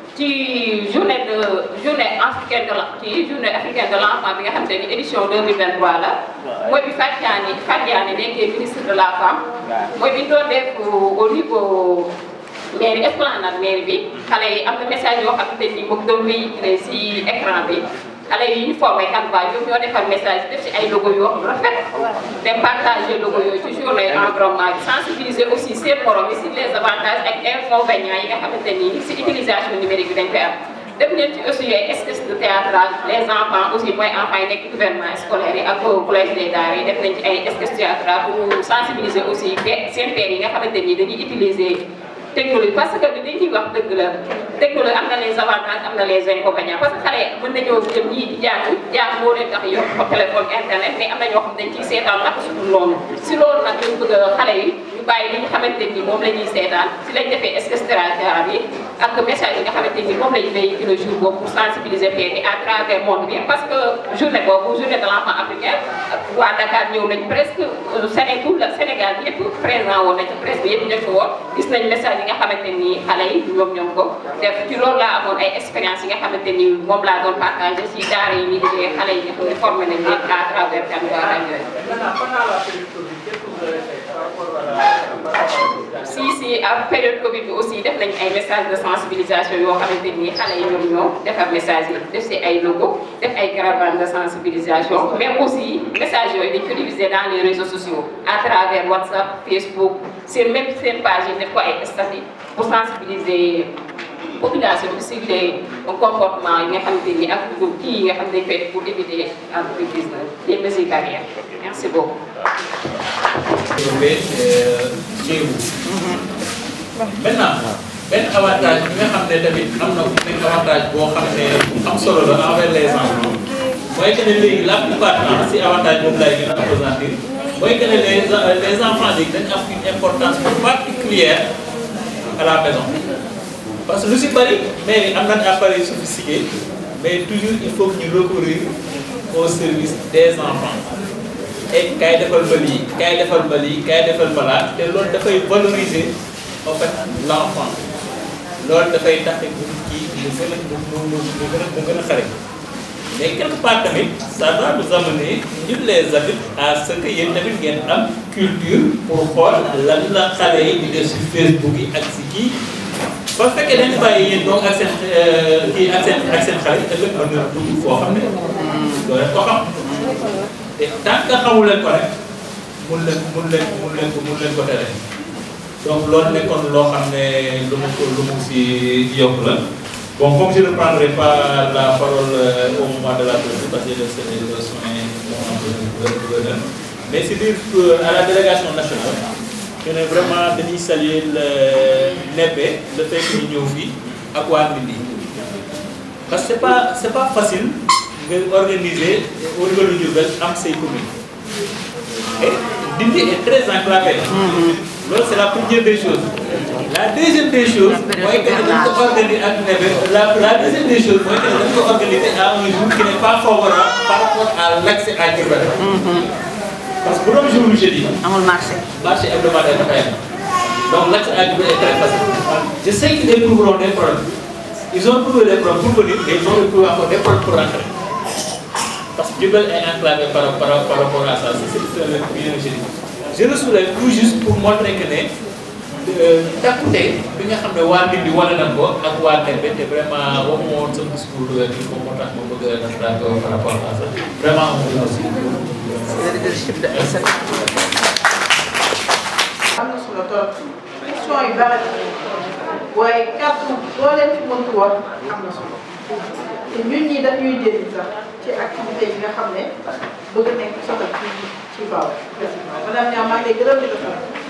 ci journée de journée africaine de la ci journée africaine de l'enfant bi nga xam te ni édition 2023 la mooy bi Fatiani Fatiani nekkee ministre de la femme mooy bi ñu doon def au niveau mairie esplanade mairie bi mm-hmm. xale yi am na message yoo xam te ni moom doon lay si écran bi xale yi ñu formé Canva ñoom ñoo defar message def si ay logo yoo xam rafet dem partager logo yooyu ci journée environnement bi sensibiliser aussi seen morom yi si les avantages ak inconvénients yi nga xamante nii si utilisation numérique bi dañ koy aussi yooyu espèce de théâtrage les enfants aussi mooy enfants yi nekk gouvernement scolaire yi ak collège des daara yi def nañ ci ay espèce théâtrage pour sensibiliser aussi seen père yi nga xamante nii technologie parce que li ciy wax dëgg la technologie am na les avantages am na les inconvénients parce que xale mën nañoo jëm ñii di jaar jaar moo leen tax yor ko téléphone internet mais am na ñoo xam dañ ciy seetaan ak su dul loolu si loolu nag lañ bëgg xale yi. ñu bàyyi li nga xamante ni moom la ñuy seetaan si lañ defee sclérotérapie bi ak message yi nga xamante ni moom la ñuy véhiculer jour boobu pour sensibiliser fee ni à que journée boobu journée de nañ presque euh, Sénégal tout le Sénégal yëpp présent woon nañ yëpp nekk gis nañ message yi nga xamante ni xale yi ñoom ko def ci loolu laa amoon ay expérience yi nga xamante ni moom laa doon partagé si daara yi ñuy liggéey xale yi nga xam ne formé nañ leen travers Tambacounda si si à période Covid aussi def a ay messages de sensibilisation yo xamante ni xalé yi ñoom ñoo defar message yi def des ay logo def ay caravane de sensibilisation mais aussi message yooyu dañ ko dans les réseaux sociaux à travers WhatsApp Facebook c'est même seen page yi def ko ay pour sensibiliser population que c'est un comportement yi nga ni pour éviter les mesures merci beaucoup. maintenant avantage avantage les enfants la plupart que les enfants une importance particulière à la maison. parce que lu si Paris, mais am nañ appareil sophistiqué mais toujours il faut que nous recourions au service des enfants et kaay defal ma lii kaay quand il y a des ma laa te loolu dafay valoriser en fait l' enfant loolu dafay tax bu kii mu gën a mu gën a mu gën a xare mais quelque part ça doit nous amener nous les adultes à ce qu'il y tamit une culture pour xool lan la xale yi di def si Facebook yi ak si kii ba fekkee dañu bàyyi yéen donc ak seen euh, kii ak seen ak seen xale ëllëg am na dugg foo xam ne doo leen ko xam te tant que ko rek mun leen mun leen mun leen mun leen ko tere donc loolu nekkoon loo xam ne lu mu lu mu si yokk la bon comme je ne prendrai la parole euh, au moment de la clôture parce que le soin moo am gouverneur mais si biir à la délégation nationale Je voudrais vraiment saluer le le fait de l'Union ñëw à quoi parce que ce pas pas facile d'organiser au niveau de Diourbel avec ces communes et Ndindy est très enclavé. c'est la première des choses. la deuxième des choses mooy que dañ pas organiser avec la la deuxième des choses moi, que dañ organiser à un jour qui n'est pas favorable par rapport à l'accès à Diourbel. parce que bu doon jour jeudi. amul marché. marché hebdomadaire dafay am donc l'accès à Libreville est très facile. je sais que les trouveront des problèmes ils ont trouvé des problèmes pour venir mais ils ont trouvé encore des problèmes pour rentrer parce que Diourbel est enclavé par par par rapport à ça c'est le bien jeudi. je le soulève tout juste pour montrer que ne. takkute euh, bi nga xam ne waa Ndindi wane nañ ko ak waa Ndembe te vraiment waxuma woon sa discours euh, nii moom moo tax ma bëgg a rafetlu ko par rapport à ça am na aussi. am na solo trop waaye kàddu boo leen fi mënti am na solo te ñun ñii daf ñuy jëriñ sax ci activité yi nga xam ne bëgg nañ ko soxal ci ci Mbao. effectivement madame Niang maa ngi lay gërëm di la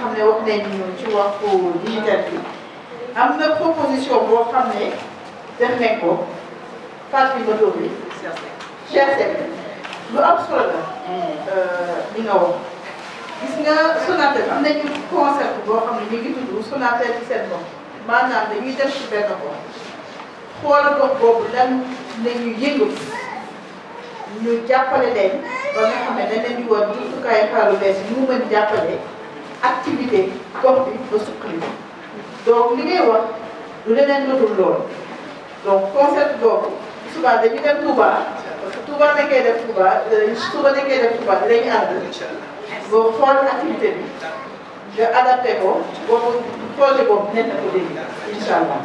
xam ne wax nañ ci waxu digital bi am na proposition boo xam ne def nañ ko fàttali ma tur bi. Cheikh Seck lu am solo nga wax. gis nga Sonatel am nañu concept boo xam ne ñu ngi tudd Sonatel ci seen bopp maanaam dañuy def ci benn bopp xool gox boobu lan la ñuy yëngatu ñu jàppale leen ba nga xam ne dañ leen di woon jumtukaayu xaaru bees yi mu mën jàppale. activité gox bi ba suqali donc li ngay wax du leneen lu dul lool donc concept boobu suba dañuy dem Touba parce que Touba dañ koy def Touba euh, suba dañ koy def Touba dinañ ànd nga xool activité bi nga adapté ko boobu projet boobu nekk na ko léegi incha allah.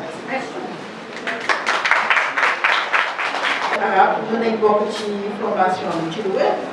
ah mën nañ bokk ci formation bi ci lu wér.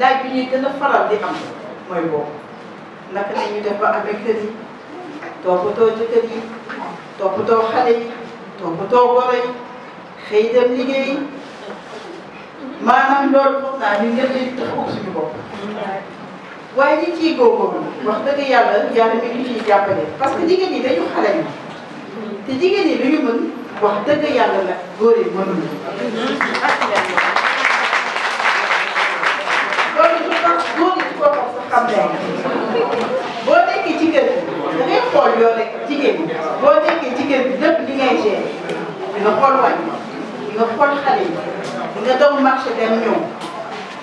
laaj bi ñuy gën a faral di am mooy boobu naka la ñuy ba amee kër yi toppatoo jëkkër yi toppatoo xale yi toppatoo goro yi xëy dem liggéeyi maanaam loolu foog naa ñu ngeen di taxaw suñu bopp. waaye ñi ciy góorgóorlu wax dëgg yàlla yàlla mi ngi ciy jàppale parce que jigéen ñi dañu xale ñu te jigéen ñi lu ñu mën wax dëgg yàlla la góor yi mënuñu. boo nit ko xam sax xam day boo nekkee ci kër gi da ngay xool yoo nekk jigéen bi boo nekkee ci kër gi lépp li ngay gérer nga xool wàññi di nga xool xale yi di nga daw marché dem ñëw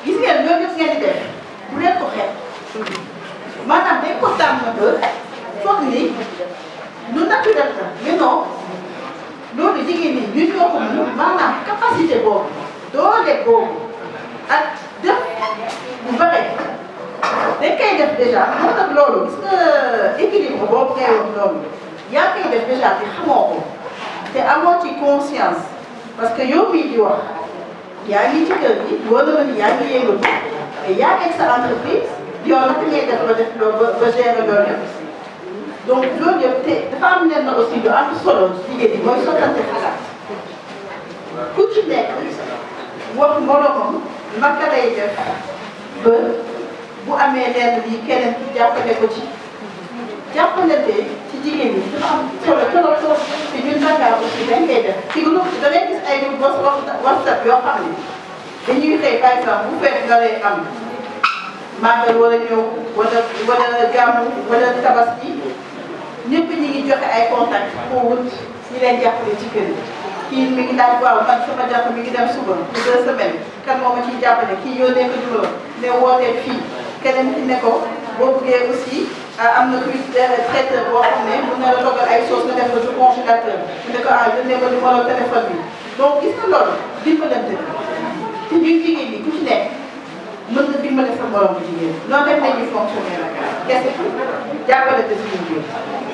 gis ngeen loolu yëpp ngeen di def bu leen ko xeeb maanaam dañ ko tàmm ba ni lu naturel la mais non loolu jigéen ñi ñun ñoo ko mën def bu bëri dañ koy def dèjà moo tax loolu gis nga équilibre boobu ngay wax loolu yaa koy def dèjà te xamoo ko te amoo ci conscience parce que yow mii di wax yaa ngi ci kër gi wala wala yaa ngi yëngatu te yaa ngi sa entreprise yow naka ngay def ba def loolu ba ba gérer loolu yëpp donc loolu yëpp te dafa am lenn aussi lu am solo jigéen ñi mooy sottante xalaat ku ci nekk wax moromam. naka lay def bu amee lenn li keneen jàppale ko ci jàppale bee ci jigéen ñi dafa am solo trop trop te ñun Dakar aussi dañ koy def. ci groupe bi da ngay gis ay groupe WhatsApp yoo xam ne dañuy xëy par exemple bu fekk nga lay am màggal wala ñëw wala wala gàmmu wala tabaski ñëpp ñi ngi joxe ay contacts pour wut ñu ci kër yi. kii mi ngi daan waaw man sama jàpp mi ngi dem suba bu deux semaines kan moo ma ciy jàppale kii yónnee ko juróom ne wootee fii keneen ki ne ko boo buggee aussi ah, am na kuy traiteur boo xam ne mun na la toggal ay sauce nga def ko ci congélateur mu ne ko ah yónnee ko numéro téléphone bi donc gis nga loolu dimbalante bi te ñun jigéen ci nekk mën nga dimbale sa morom bu jigéen noonu def nañuy fonctionner la kese jàppale te suñu jigéen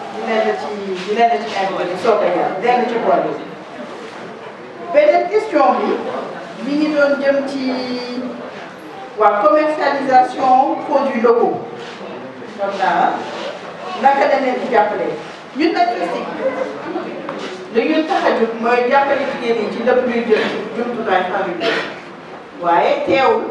dinañ la ci dinañ la ci invité soo ko yàlla dinañ la ci boole. beneen question bi mi ngi doon jëm ci wa commercialisation produits locaux donc daal naka dañ leen di jàppale ñun nag Festic li ñuy tax a jóg mooy jàppale jigéen ñi ci lépp luy jëm jumtukaay familial waaye teewul.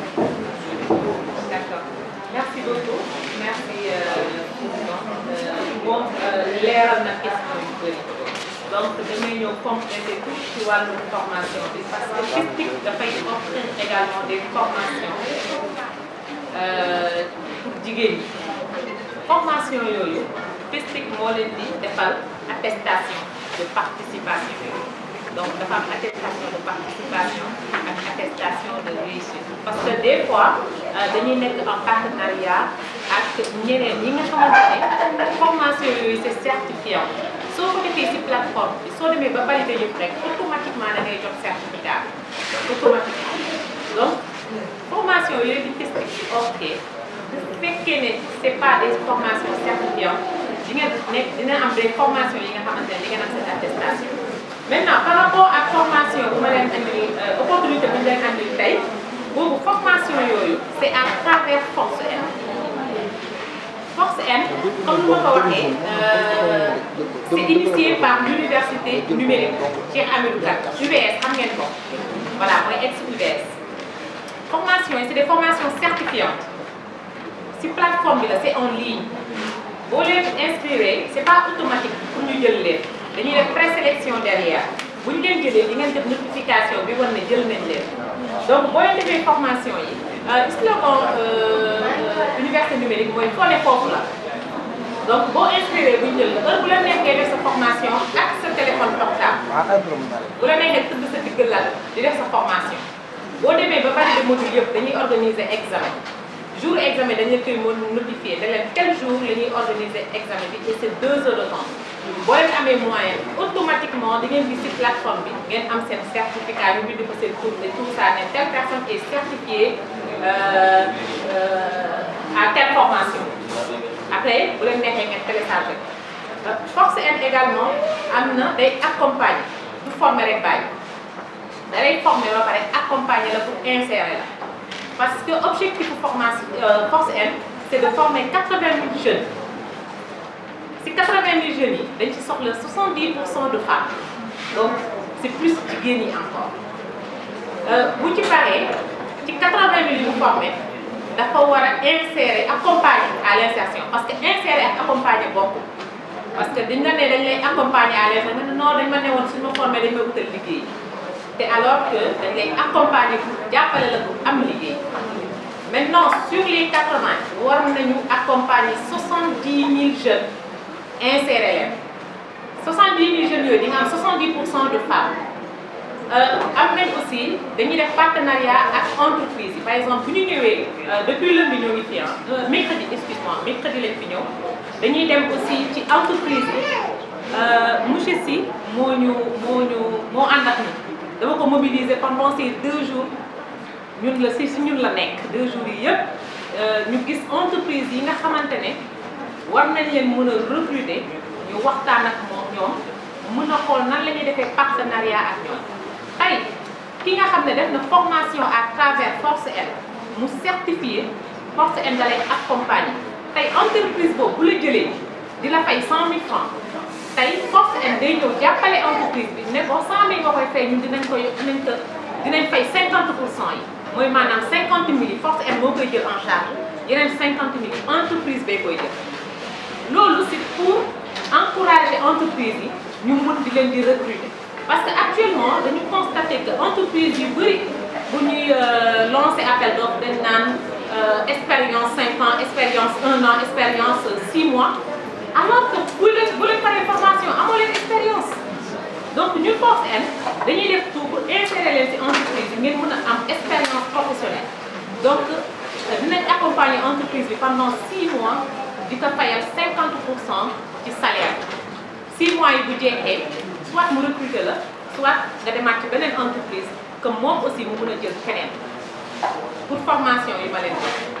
moom euh, leeral na question yu donc damay ñëw complété tout ci wàllu formation bi parce que FESTIC dafay offrir également des formations euh, pour jigéen formation yooyu FESTIC moo leen di defal attestation de participation donc la am attestation de participation et attestation de réussite parce que des fois euh, dañuy mettre en partenariat avec ñeneen ñi nga xamante formation yooyu c'est certifiant soo ko defee une plateforme si on ne ba pas yëpp automatiquement on a jox certificat automatiquement donc formation yooyu di testé ok Ce n'est pas des formations certifiantes di nga a am des formations yi nga attestation maintenant par rapport à formation au ma de andi euh, opportunité bu la formation c'est à travers Force M Force M comme vous ma ko euh, c'est initié par l'Université université numérique Cheikh Hamidou Kane xam ngeen ko voilà mooy ex UVS formation c'est des formations certifiantes si plateforme c'est la en ligne Vous voulez inscrire ce n'est pas automatique pour ñu jël dañuy pré présélection derrière bu notification bi jël nañ donc formation yi euh, euh, euh, université numérique donc vous inscrire bu jël bu formation ak sa téléphone portable bu la tëdd sa formation vous demee ba de module organiser examen jour examen dañu koy mo notifié ne leen tel jour la ñuy organiser examen bi et c'est deux heures de temps boo leen amee moyen automatiquement da ngeen di si plateforme bi ngeen am seen certificat ñu bind ko seen tur et tout ça ne telle personne est certifiée euh, euh, à telle formation après bu leen neexee ngeen téléchargé euh, force n également am na day accompagner du former rek bàyyi da lay former ba pare accompagner la pour insérer parce que l'objectif de formation, euh, Force M, c'est de former 80 000 jeunes. C'est 80 000 jeunes, ils sont 70% de femmes. Donc, c'est plus jeunes encore. Euh, vous qui parlez, que 80 000 jeunes il faut on insérer accompagner à l'insertion parce que insérer accompagner beaucoup. parce que les les ne accompagnent à l'insertion non les ma ne woon former formé dañ ma wutal C'est alors que les accompagnés accompagner pour jàppale la à Maintenant, sur les 80, nous avons accompagné 70 000 jeunes insérés. 70 000 jeunes, nous 70% de femmes. Euh, après aussi, nous avons des partenariats avec entreprises. Par exemple, euh, depuis le hein. milieu, mercredi, moi mercredi nous avons aussi des entreprises. Euh, nous avons mobilisé pendant ces deux jours ñun la si si ñun la nek deux jours yi yëpp euh, ñu gis entreprise yi nga xamantene war nañ leen mën a recruter ñu waxtaan ak moom ñoom mën a xool nan la ñuy defee partenariat ak ñoom tey ki nga xam ne def na formation à travers Force L mu certifier Force L da lay accompagner tey entreprise boobu bu la jëlee di la fay 100000 francs tey Force L day ñëw jàppale entreprise bi ne ko 100000 nga koy fay ñun dinañ ko dinañ ko dinañ fay 50 yi moy manam 50 000 force M en charge yeneen 50 000 entreprises bay koy jël c'est pour encourager entreprise yi ñu les recruter parce qu'actuellement, nous constatons que entreprise yu bëri bu ñuy euh, lancer appel d'offres d'expérience euh, expérience 5 ans expérience 1 an expérience 6 mois alors que bu leen bu leen paree formation amoo expérience donc ñu force en dañuy def tout pour insérer les entreprises, mais nous expérience professionnelle donc dinañ accompagner entreprise bi pendant 6 mois di ko 50 du salaire 6 mois yi bu jeexee soit mu recruter la soit nga demaat ci beneen entreprise que moi aussi mu mën a jël keneen pour formation yi ma leen def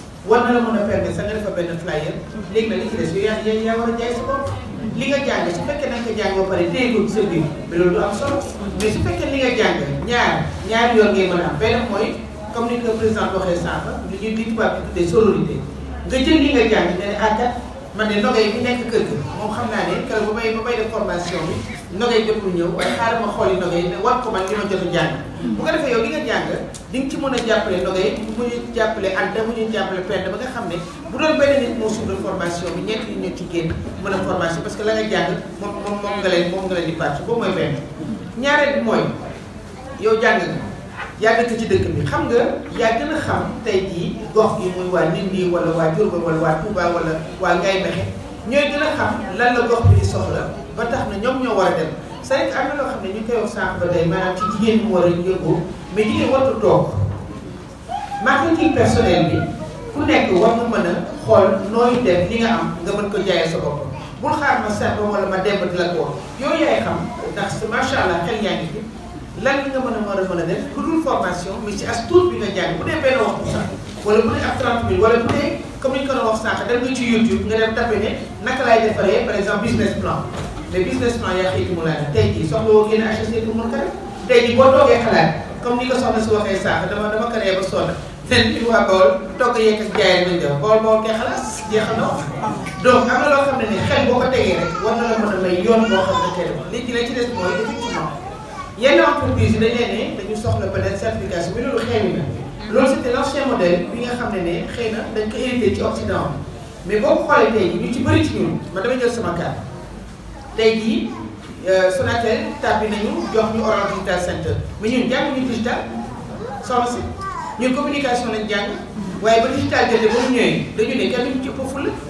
war na la mën a permettre sa nga defa benn flyer léegi nag li ci des yow yaa war a jaay sa li nga jàng su fekkee da nga ko jàng ba pare téye ko ci sa biir loolu du am solo mais su fekkee li nga jàng ñaar ñaari yoon ngay mën a am benn mooy comme ni ko président waxee sànq li ñuy di tubaab di tuddee sororité nga jël li nga jàng ne ne ah, man de ndogay bi nekk kër gi moom xam naa ne keroog ba may ba may def formation bi ndogay jotul ñëw waaye ma xooli ndogay war ko man li ma jot a jàng mm. bu ko defee yow li nga jàng di nga ci mën a jàppale ndogay mu ñu jàppale Anta mu ñu jàppale Penda ba nga xam ne bu doon benn nit moo suivre formation bi ñett ñi ñoo ci génn mën a formation parce que la nga jàng moom moom moom nga leen moom nga leen di bàcc boobu mooy benn mm. ñaareel mooy yow jàng nga yaa dëkk ci dëkk bi xam nga yaa gën a xam tey jii gox gi muy waa Ndindi wala waa Diourbel wala waa Touba wala waa ngay Mekhe ñooy gën a xam lan la gox bi di soxla ba tax na ñoom ñoo war a dem say am na loo xam ne ñu koy wax sànq ba tey maanaam ci jigéen ñi war a yëngu mais jigéen wartu toog marketing personnel bi ku nekk war nga mën a xool nooy def li nga am nga mën ko jaayee sa bopp bul xaar ma sànq wala ma dem di la ko wax yooyu yaay xam ndax macha allah xel yaa fi. lan nga mën a war a mën a def lu dul formation mais ci as tuut bi nga jàng bu dee benn wax bu sax wala bu dee ab 30 000 bu ne naka laay defaree par exemple business plan mais business ni ko soxna si waxee sànq ba sonn fen ci waa Bawol toog yekk ak jaay nañ def Bawol Bawol kay xalaat jeexal na wax donc am na loo xam ne ne xel boo ko tegee rek war na la mën a may yoon boo xam ne tey léegi la ci des mooy effectivement yenn entreprise yi dañ leen ne dañu soxla peut-être certification bi loolu xeewi na loolu c'était l'ancien modèle bi nga xam ne ne xëy na dañ ko hérité ci Occident mais boo ko xoolee tey ñu ci bëri ci ñun man dama jël sama carte tey jii euh, Sonatel tàbbi nañu jox ñu Orange Digital Center mais ñun jàng ñu digital soxna si ñun communication lañ jàng waaye ba digital jëlee ba mu ñëwee dañu ne kenn ñu ci ëpp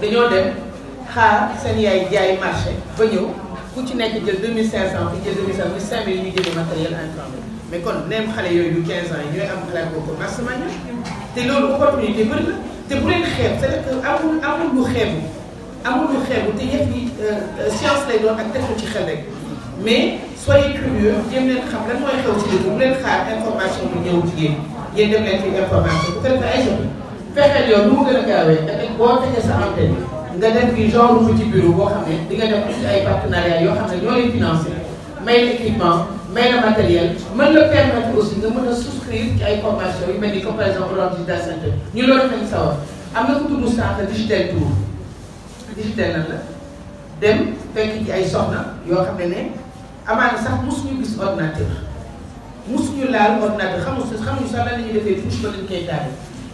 dañoo dem xaar seen yaay jaay marché ba ñëw ku ci nekk jël 2500 ku jël 2500 bi 5000 ñu jënd matériel ensemble mais kon même xale yooyu du 15 ans yi ñooy am xalaat boobu massivement ñoom te loolu opportunité bëri la te bu leen xeeb cest à que amul amul lu xeebu amul lu xeebu te yëf yi euh, euh, science lay doon ak teg ko ci xel rek mais soyez curieux jéem leen xam lan mooy xew ci dëkk bu leen xaar information bi ñëw jigéen yéen dem leen ci information bu fekkee ay jeunes. fexeel yow nu mu gën a gaawee da nga boo fekkee sa antenne nga def fi genre petit bureau boo xam ne di nga def ci ay partenariat yoo xam ne ñoo lay financé may la équipement may la matériel mën la permettre aussi nga mën a souscrire ci ay formation yu mel ni comme par exemple Orange Digital Center ñu loolu nañ sawar am na ku tudd Moussa digital tour digital lan la dem fekk ci ay soxna yoo xam ne ne amaana sax mosuñu gis ordinateur mosuñu laal ordinateur xamu xamuñu sax lan la ñuy defee touche ba lañ koy daal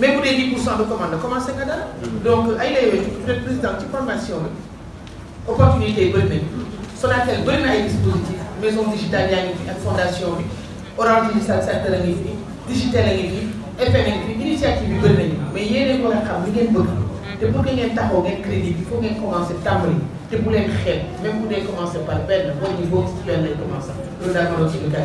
Mais vous avez 10% de commandes, comment c'est mmh. qu'il Donc, il y a le président qui formation, opportunité est bonne, sur laquelle il y a un dispositif, maison digitale, une fondation, orange digital, certaines régions, digital, FN, initiative est bonne. Mais il y a des gens qui ont besoin. Et pour qu'il y ait un crédit, il faut qu'il commence à tamer. Et pour les créer, même pour qu'il commence par peine, au niveau de ce qu'il y a, il commence. Nous avons aussi le cas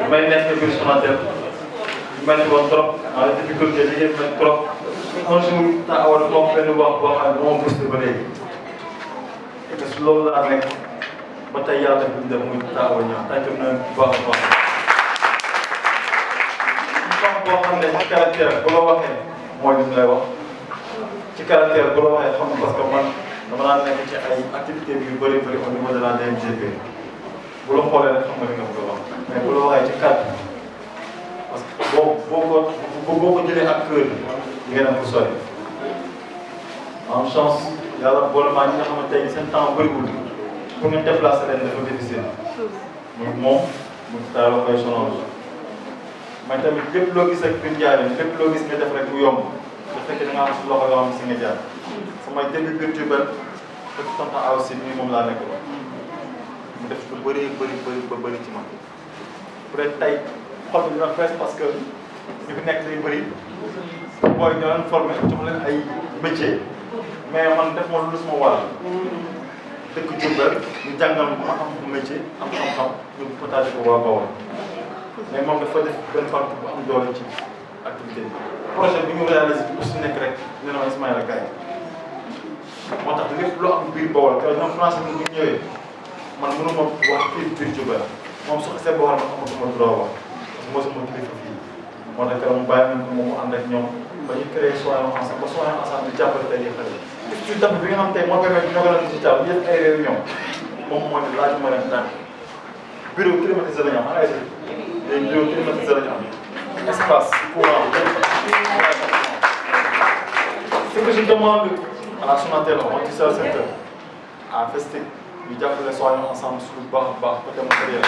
li may nekk biir Sonatel li mel ni woon trop en difficulté li ngeen mel trop un jour daa awoon moom benn wax boo xam ne moom bés ba léegi te su loolu laa nekk ba tey yàlla fi mu dem muy taawoo ñëw tàggat na bu baax a baax. xam boo xam ne ci caractère bu la waxee mooy li mu lay wax ci caractère bu la waxee xam parce que man dama daan nekk ci ay activités yu bëri bëri au niveau de la DMGP. bu la xoolee rek xam nga li nga bëgg a wax mais bu la waxee ci kàddu parce que boo boo ko boo ko jëlee ak kër yi nga dem ko sori am chance yàlla boolema ñi nga xamante ne seen temps difficile muy moom muy daal koy sonal mais tamit lépp loo gis ak biñ def yomb bu fekkee nga am su loxo yoo xam si nga jaar samay dégg culture benn te tonton aw si nii moom laa def lu bëri bëri bëri ba bëri ci man parce que ñu fi nekk day bëri booy ñu leen formé jox leen ay métier mais man def ma lu suma waral dëkk Diourbel ñu jàngal ma am métier am xam-xam ñu partagé ko waa Bawol mais moom dafa def benn partie bu am doole ci activité bi projet ñu réalisé bu si nekk rek nee na ma Ismaïla moo tax lépp lu am biir Bawol keroog ñoom français bi ñu ñëwee man mënu ma wax fii biir Diourbel moom su xasee ba war a ma amatuma droit wax moo sama kilifa fii moo tax keroog mu bàyyi nañ ko moom mu ànd ak ñoom ba ñu créé Soyons Ensemble ba Soyons Ensemble bi jàppale tey yéen xale yi ci dab bi nga xam tey moo koy mel ñoo ko doon ci jàpp yëpp ay réunion moom moo ne laaj ma leen naan bureau climatisé la ñu am ay léegi bureau climatisé la ñu am espace courant ce que je demande à Sonatel au Rockefeller Center à Festic ñu jàppale soignant ensemble suñu baax a baax côté matériel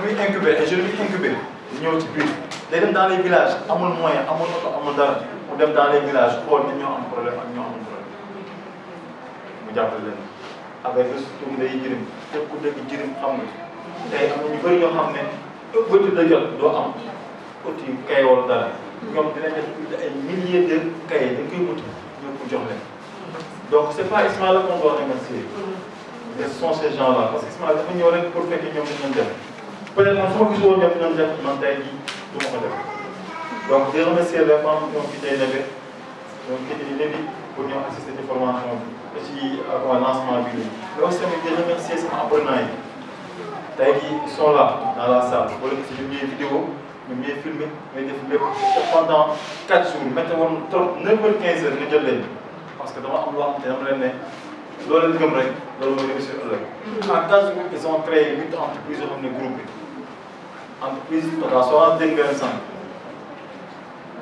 muy incubé ay jeunes yu incubé di ñëw ci biir day dem dans les villages amul moyen amul oto amul dara mu dem dans les villages xool nit ñoo am problème ak ñoo amul problème mu jàppale leen avec surtout day jëriñ képp ku dëkk jëriñ xam nga tey am na ñu bëri ñoo xam ne bëtu da jot doo am outil kay wala dara ñoom dinañ def ay milliers de kay dañ koy wuti ñëw ko jox leen donc ce n'est pas Ismaël qu'on doit remercier mais ce sont ces gens là parce que Ismaïla dafa ñëw pour faire fekkee ñoom dañu def peut être qu'on su toujours gisoo ñoom ñoom def man tey jii du donc je remercier les femmes qui ont tey Lévi qui ont tey Lévi pour ñoom assister ci formation bi te ci waa euh, lancement bi mais aussi remercier les abonnés Taïgi, ils sont là dans la salle wala si ñu une vidéo ñu ngi filmé pendant 4 jours météo trop 9h15 vais jël leen. parce que dama am loo xam te dama leen ne loolu leen gëm loolu mooy réussir ëllëg en États-Unis ils ont créé huit entreprises yoo entreprise Total Solar dégg nga leen sànq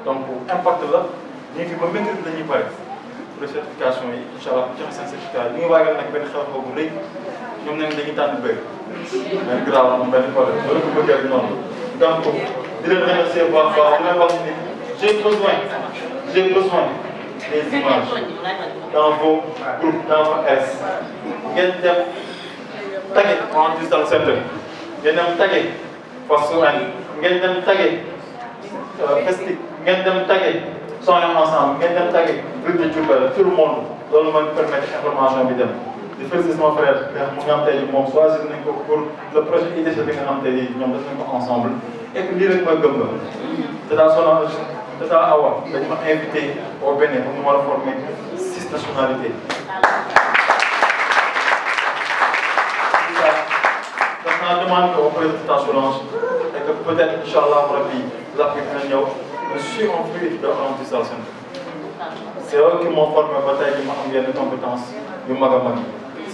donc impact la certification yi incha allah bu joxe seen certificat yi ñu ngi waagal nag benn xew boobu rëy ñoom nag dañuy tànn béy benn grave am benn problème loolu ko bëggee rek noonu donc di leen remercier bu baax a baax di leen wax les images dans vos groupes dans vos S ngeen dem tagge en digital center ngeen dem tagge Fassou Agne ngeen dem tagge euh, Festic ngeen dem tagge Sonatel ensemble ngeen dem tagge ville de Diourbel euh, tout le monde loolu mooy permettre information bi dem di féliciter sama frère nga xam tey moom choisir nañ ko pour le projet IDC bi nga xam tey ñoom def nañ ko ensemble et que lii rek mooy gëm-gëm te daal Sonatel Tata Awa dañu ma invité au Bénin pour nous former six nationalités. Je demande que au président assurance et que peut-être Inch'Allah, pour la vie, l'Afrique ñëw je suis en plus de apprentissage. c' C'est eux qui m'ont formé ba bataille de ma am yenn compétence yu mag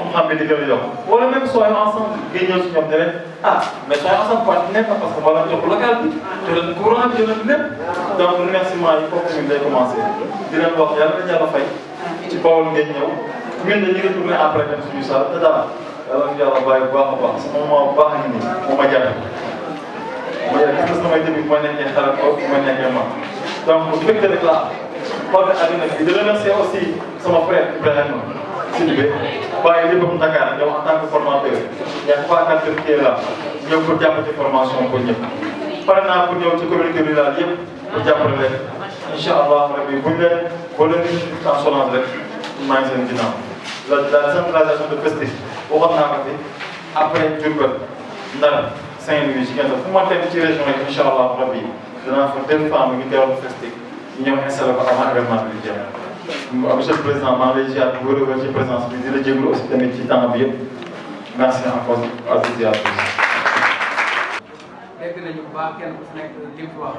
xam-xam bi di gën a yokk wala même sooy ensemble ngay ñëw ñoom ne leen ah mais sooy ensemble quoi nekk na parce que moo la jox local bi te leen courant bi leen lépp donc remerciement yi foofu ñun day commencé di leen wax yàlla na yàlla fay ci bawol ngeen ñëw ñun dañuy retourné après même suñu salle te dara yàlla na yàlla bàyyi bu baax a baax sama maam baax na nii moo ma jàpp mooy gis nga may déglu mooy nekkee xaral ko mooy nekkee mag donc mbégte rek laa xool ne àddina bi di remercier aussi sama frère Ibrahima Sidibé waaye yëppam Dakar yow en tant que formateur yaa ngi fàttali ak kër Thiel ñëw pour jàpp ci formation pour ñëpp. pare naa pour ñëw ci communauté rurale yëpp pour jàppale leen incha allah rabbi buñ leen boo leen en sonance rek maa ngi seen ginnaaw. la la décentralisation de Pastef waxoon naa ko fi après Diourbel Ndar Saint-Louis ci gànnaaw fu ma teg ci région yi incha allah rabbi danaa fa dem femme ngi teewlu Pastef ñëw installé ko avant événement bi di jeex. waaw monsieur le président maa ngi lay ziar bu wér a wér ci présence bi di la jégalu aussi tamit ci temps bi yëpp merci encore kenn ku si nekk li mu wax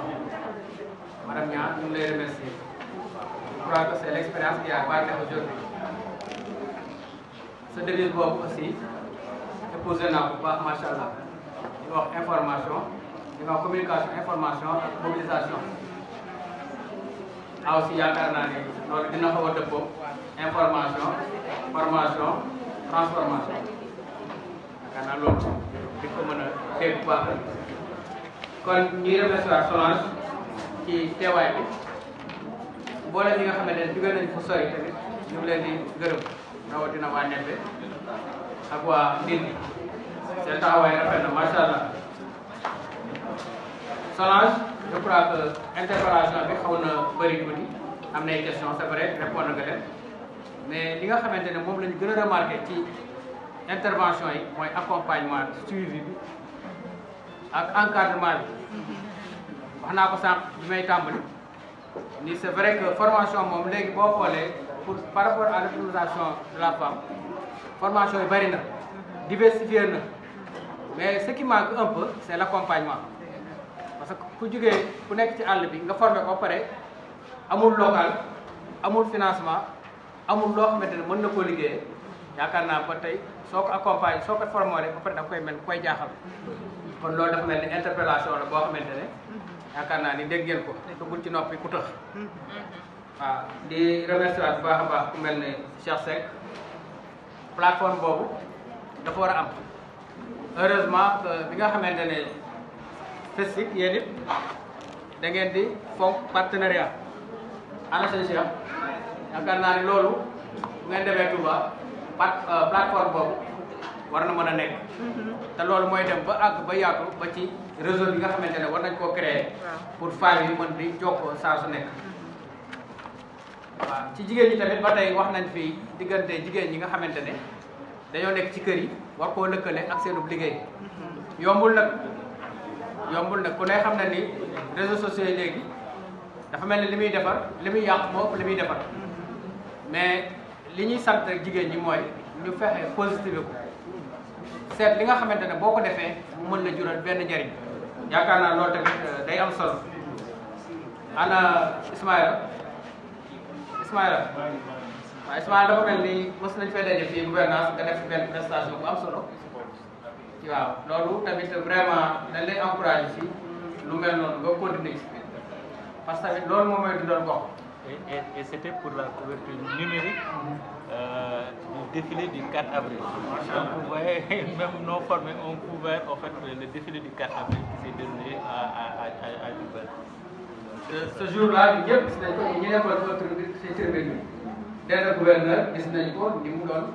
madame Niang ñu ngi lay remercier a marqué aujourd'hui sa devise boobu aussi posé naa ko bu baax macha allah information information mobilisation. aw si yaakaar naa ne loolu dina xaw a dëppoo information formation transformation yaakaar naa loolu di ko mën a dégg bu baax kon ñuy remercier Solange ci teewaay bi mboolem ñi nga xamante ne jóge nañ fu sori tamit ñu ngi leen di gërëm rawatina waa Nebe ak waa Ndindi seen taxawaay rafet na macha allah Solange je crois que interpellation bi xaw na Il y a na questions c'est vrai répondre à leen mais ce que vous ne c'est la ñu l'intervention, a remarqué ci intervention accompagnement suivi bi ak encadrement bi ko c'est vrai que la formation est léegi boo xoolee pour par rapport à l'utilisation de la femme La formation est bëri na na mais ce qui manque un peu c'est l'accompagnement parce que ku jugee ku nekk ci àll bi nga formé ko pare amul local amul financement amul loo xamante ne mën na koo liggéeyee yaakaar naa ba tey soo ko accompagné soo ko formé ba pare da koy mel koy jaaxal kon dafa mel ni interpellation la boo xamante ne yaakaar naa ni dégg ngeen ko dugul ci noppi ku tëx waaw di remercier bu baax a ku mel ni Cheikh Seck boobu dafa war a am heureusement bi nga xamante ne facebook yéen it da ngeen di fonk partenariat ana seen si yaakaar naa ne loolu bu ngeen demee Touba euh, plateforme boobu war na mën a nekk mhm. te loolu mooy dem ba àgg ba yaatu ba ci réseau bi nga xamante ne war nañ koo créer pour femmes yi mën di jokkoo saa su nekk waaw ci jigéen ñi tamit ba tey wax nañ fii diggante jigéen ñi nga xamante ne dañoo nekk ci kër yi war koo lëkkale ak seenub liggéey mhm. yombul nag yombul nag ku ne xam na ni réseaux sociaux yi léegi dafa mel ni li muy defar li muy yàq moo ëpp li muy defar mais li ñuy sant rek jigéen ñi mooy ñu fexe positive ko seet li nga xamante ne boo ko defee mu mën la jural benn njëriñ yaakaar naa loolu tamit euh, day am solo ana Ismaïla Ismaïla waaw Ismaïla dafa mel ni mos nañ fee daje fii gouvernance nga def benn prestation bu am solo waaw loolu tamit vraiment dañ lay encouragé si lu mel beaucoup nga continuer parce que tamit loolu moom mooy dundal gox. et c'était pour la couverture numérique mhm. euh, du défilé du 4 avril. donc vous voyez même non formés on couvert en le défilé du 4 avril qui s'est donné à à ce jour-là il y a eu un ñu nekkoon ci autorité ci tribune dès le gouverneur gis nañ ko ni mu doon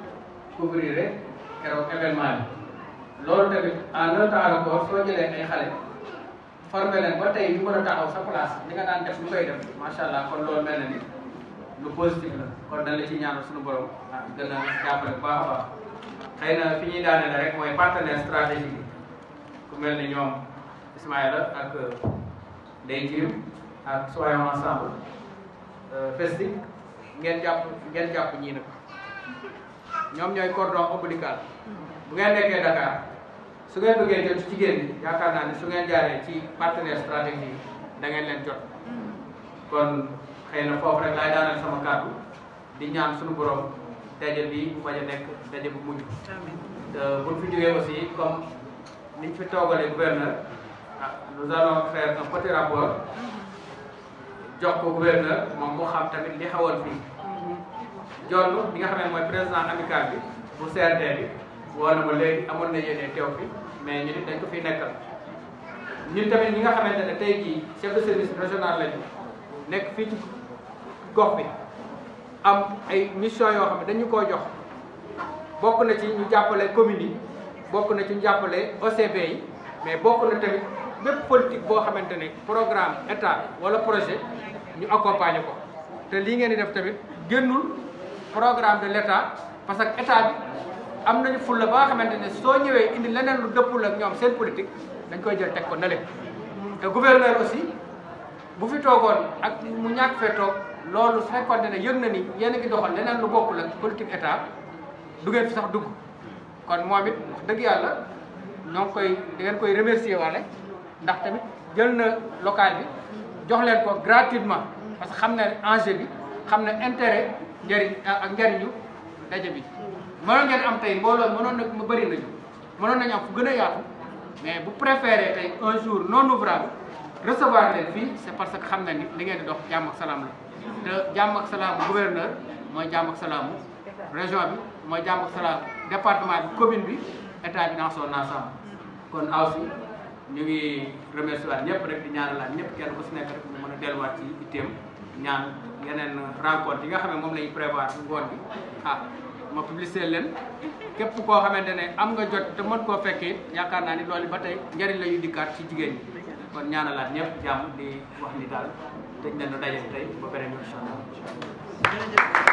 couvrir keroog événement bi. loolu tamit en même temps encore soo jëlee ay xale formé leen ba tey ñu mën a taxaw sa place li nga daan def lu koy def macha allah kon loolu mel na ni lu positif la kon dañ la ci ñaanal suñu borom ah gën a jàppale bu baax a baax xëy na fi ñuy daaneel rek mooy partenaire stratégique ku mel ni ñoom Ismaïla ak euh, Ndeye Thiam ak Soyons Ensemble euh, festik ngeen jàpp ngeen jàpp ñii nag ñoom ñooy cordon ombilical bu ngeen nekkee Dakar. su ngeen bëggee jot ci jigéen ñi yaakaar naa ne su ngeen jaaree ci partenaire stratégique dangeen leen jot mm. kon xëy na foofu rek laay daanal sama kàddu di ñaan suñu borom daje bi bu bañ a nekk daje bu mujj te buñ fi jógee aussi comme niñ fi toogalee gouverneur ah nous allons faire un petit rapport mm-hmm. jox ko gouverneur moom mu xam tamit li xawoon fii mm-hmm. jonn li nga xam ne mooy président amical bi bu CRD bi woo na ma léegi amoon na yéene teew bi mais ñu nit dañ ko fiy nekkal ñun tamit ñi nga xamante ne tey jii chef de service régional lañu nekk fii ci gox bi am ay mission yoo xam ne dañu koo jox bokk na ci ñu jàppale communes yi bokk na ci ñu jàppale OCB yi mais bokk na tamit bépp politique boo xamante ne programme état wala projet ñu accompagner ko te lii ngeen di def tamit génnul programme de l' parce que état bi am nañu fulla ba nga xamante ne soo ñëwee indi leneen lu dëppul ak ñoom seen politique dañ koy jël teg ko na te gouverneur aussi bu fi toogoon ak mu ñàkk fee loolu su fekkoon ne yëg na ni yéen a ngi leneen lu bokku ak politique état du ngeen fi sax dugg kon moom it wax dëgg yàlla ñoo ngi koy da ngeen koy remercier waale ndax tamit jël na local bi jox leen ko gratuitement parce que xam na enjeu bi xam na intérêt njëriñ ak njëriñu daje bi. mënoon ngeen am tey mbooloo mënoon nag mu bëri nañu mënoon nañu am fu gën a yaatu mais bu préféré tey un jour non ouvrable recevoir leen fii c'est parce que xam na ni li ngeen di dox jàmm ak salaam la te jàmm ak salaam gouverneur moo jàmm ak salaamu région bi mooy jàmm ak salaam département bi commune bi état bi dans son ensemble kon aussi ñu ngi remercier waat ñëpp rek ñaan ñaanalaat ñëpp kenn ku si nekk rek mu mën a delluwaat ci itteem ñaan yeneen rencontre yi nga xam ne moom la ñu prévoir ngoon ma publicité leen képp koo xamante ne am nga jot te mën koo fekkee yaakaar naa ni loolu ba tey njëriñ la yu dikkaat ci jigéen ñi kon ñaanalaat ñëpp jàmm di wax ni daal tëj nañu daje tey ba beneen yoon incha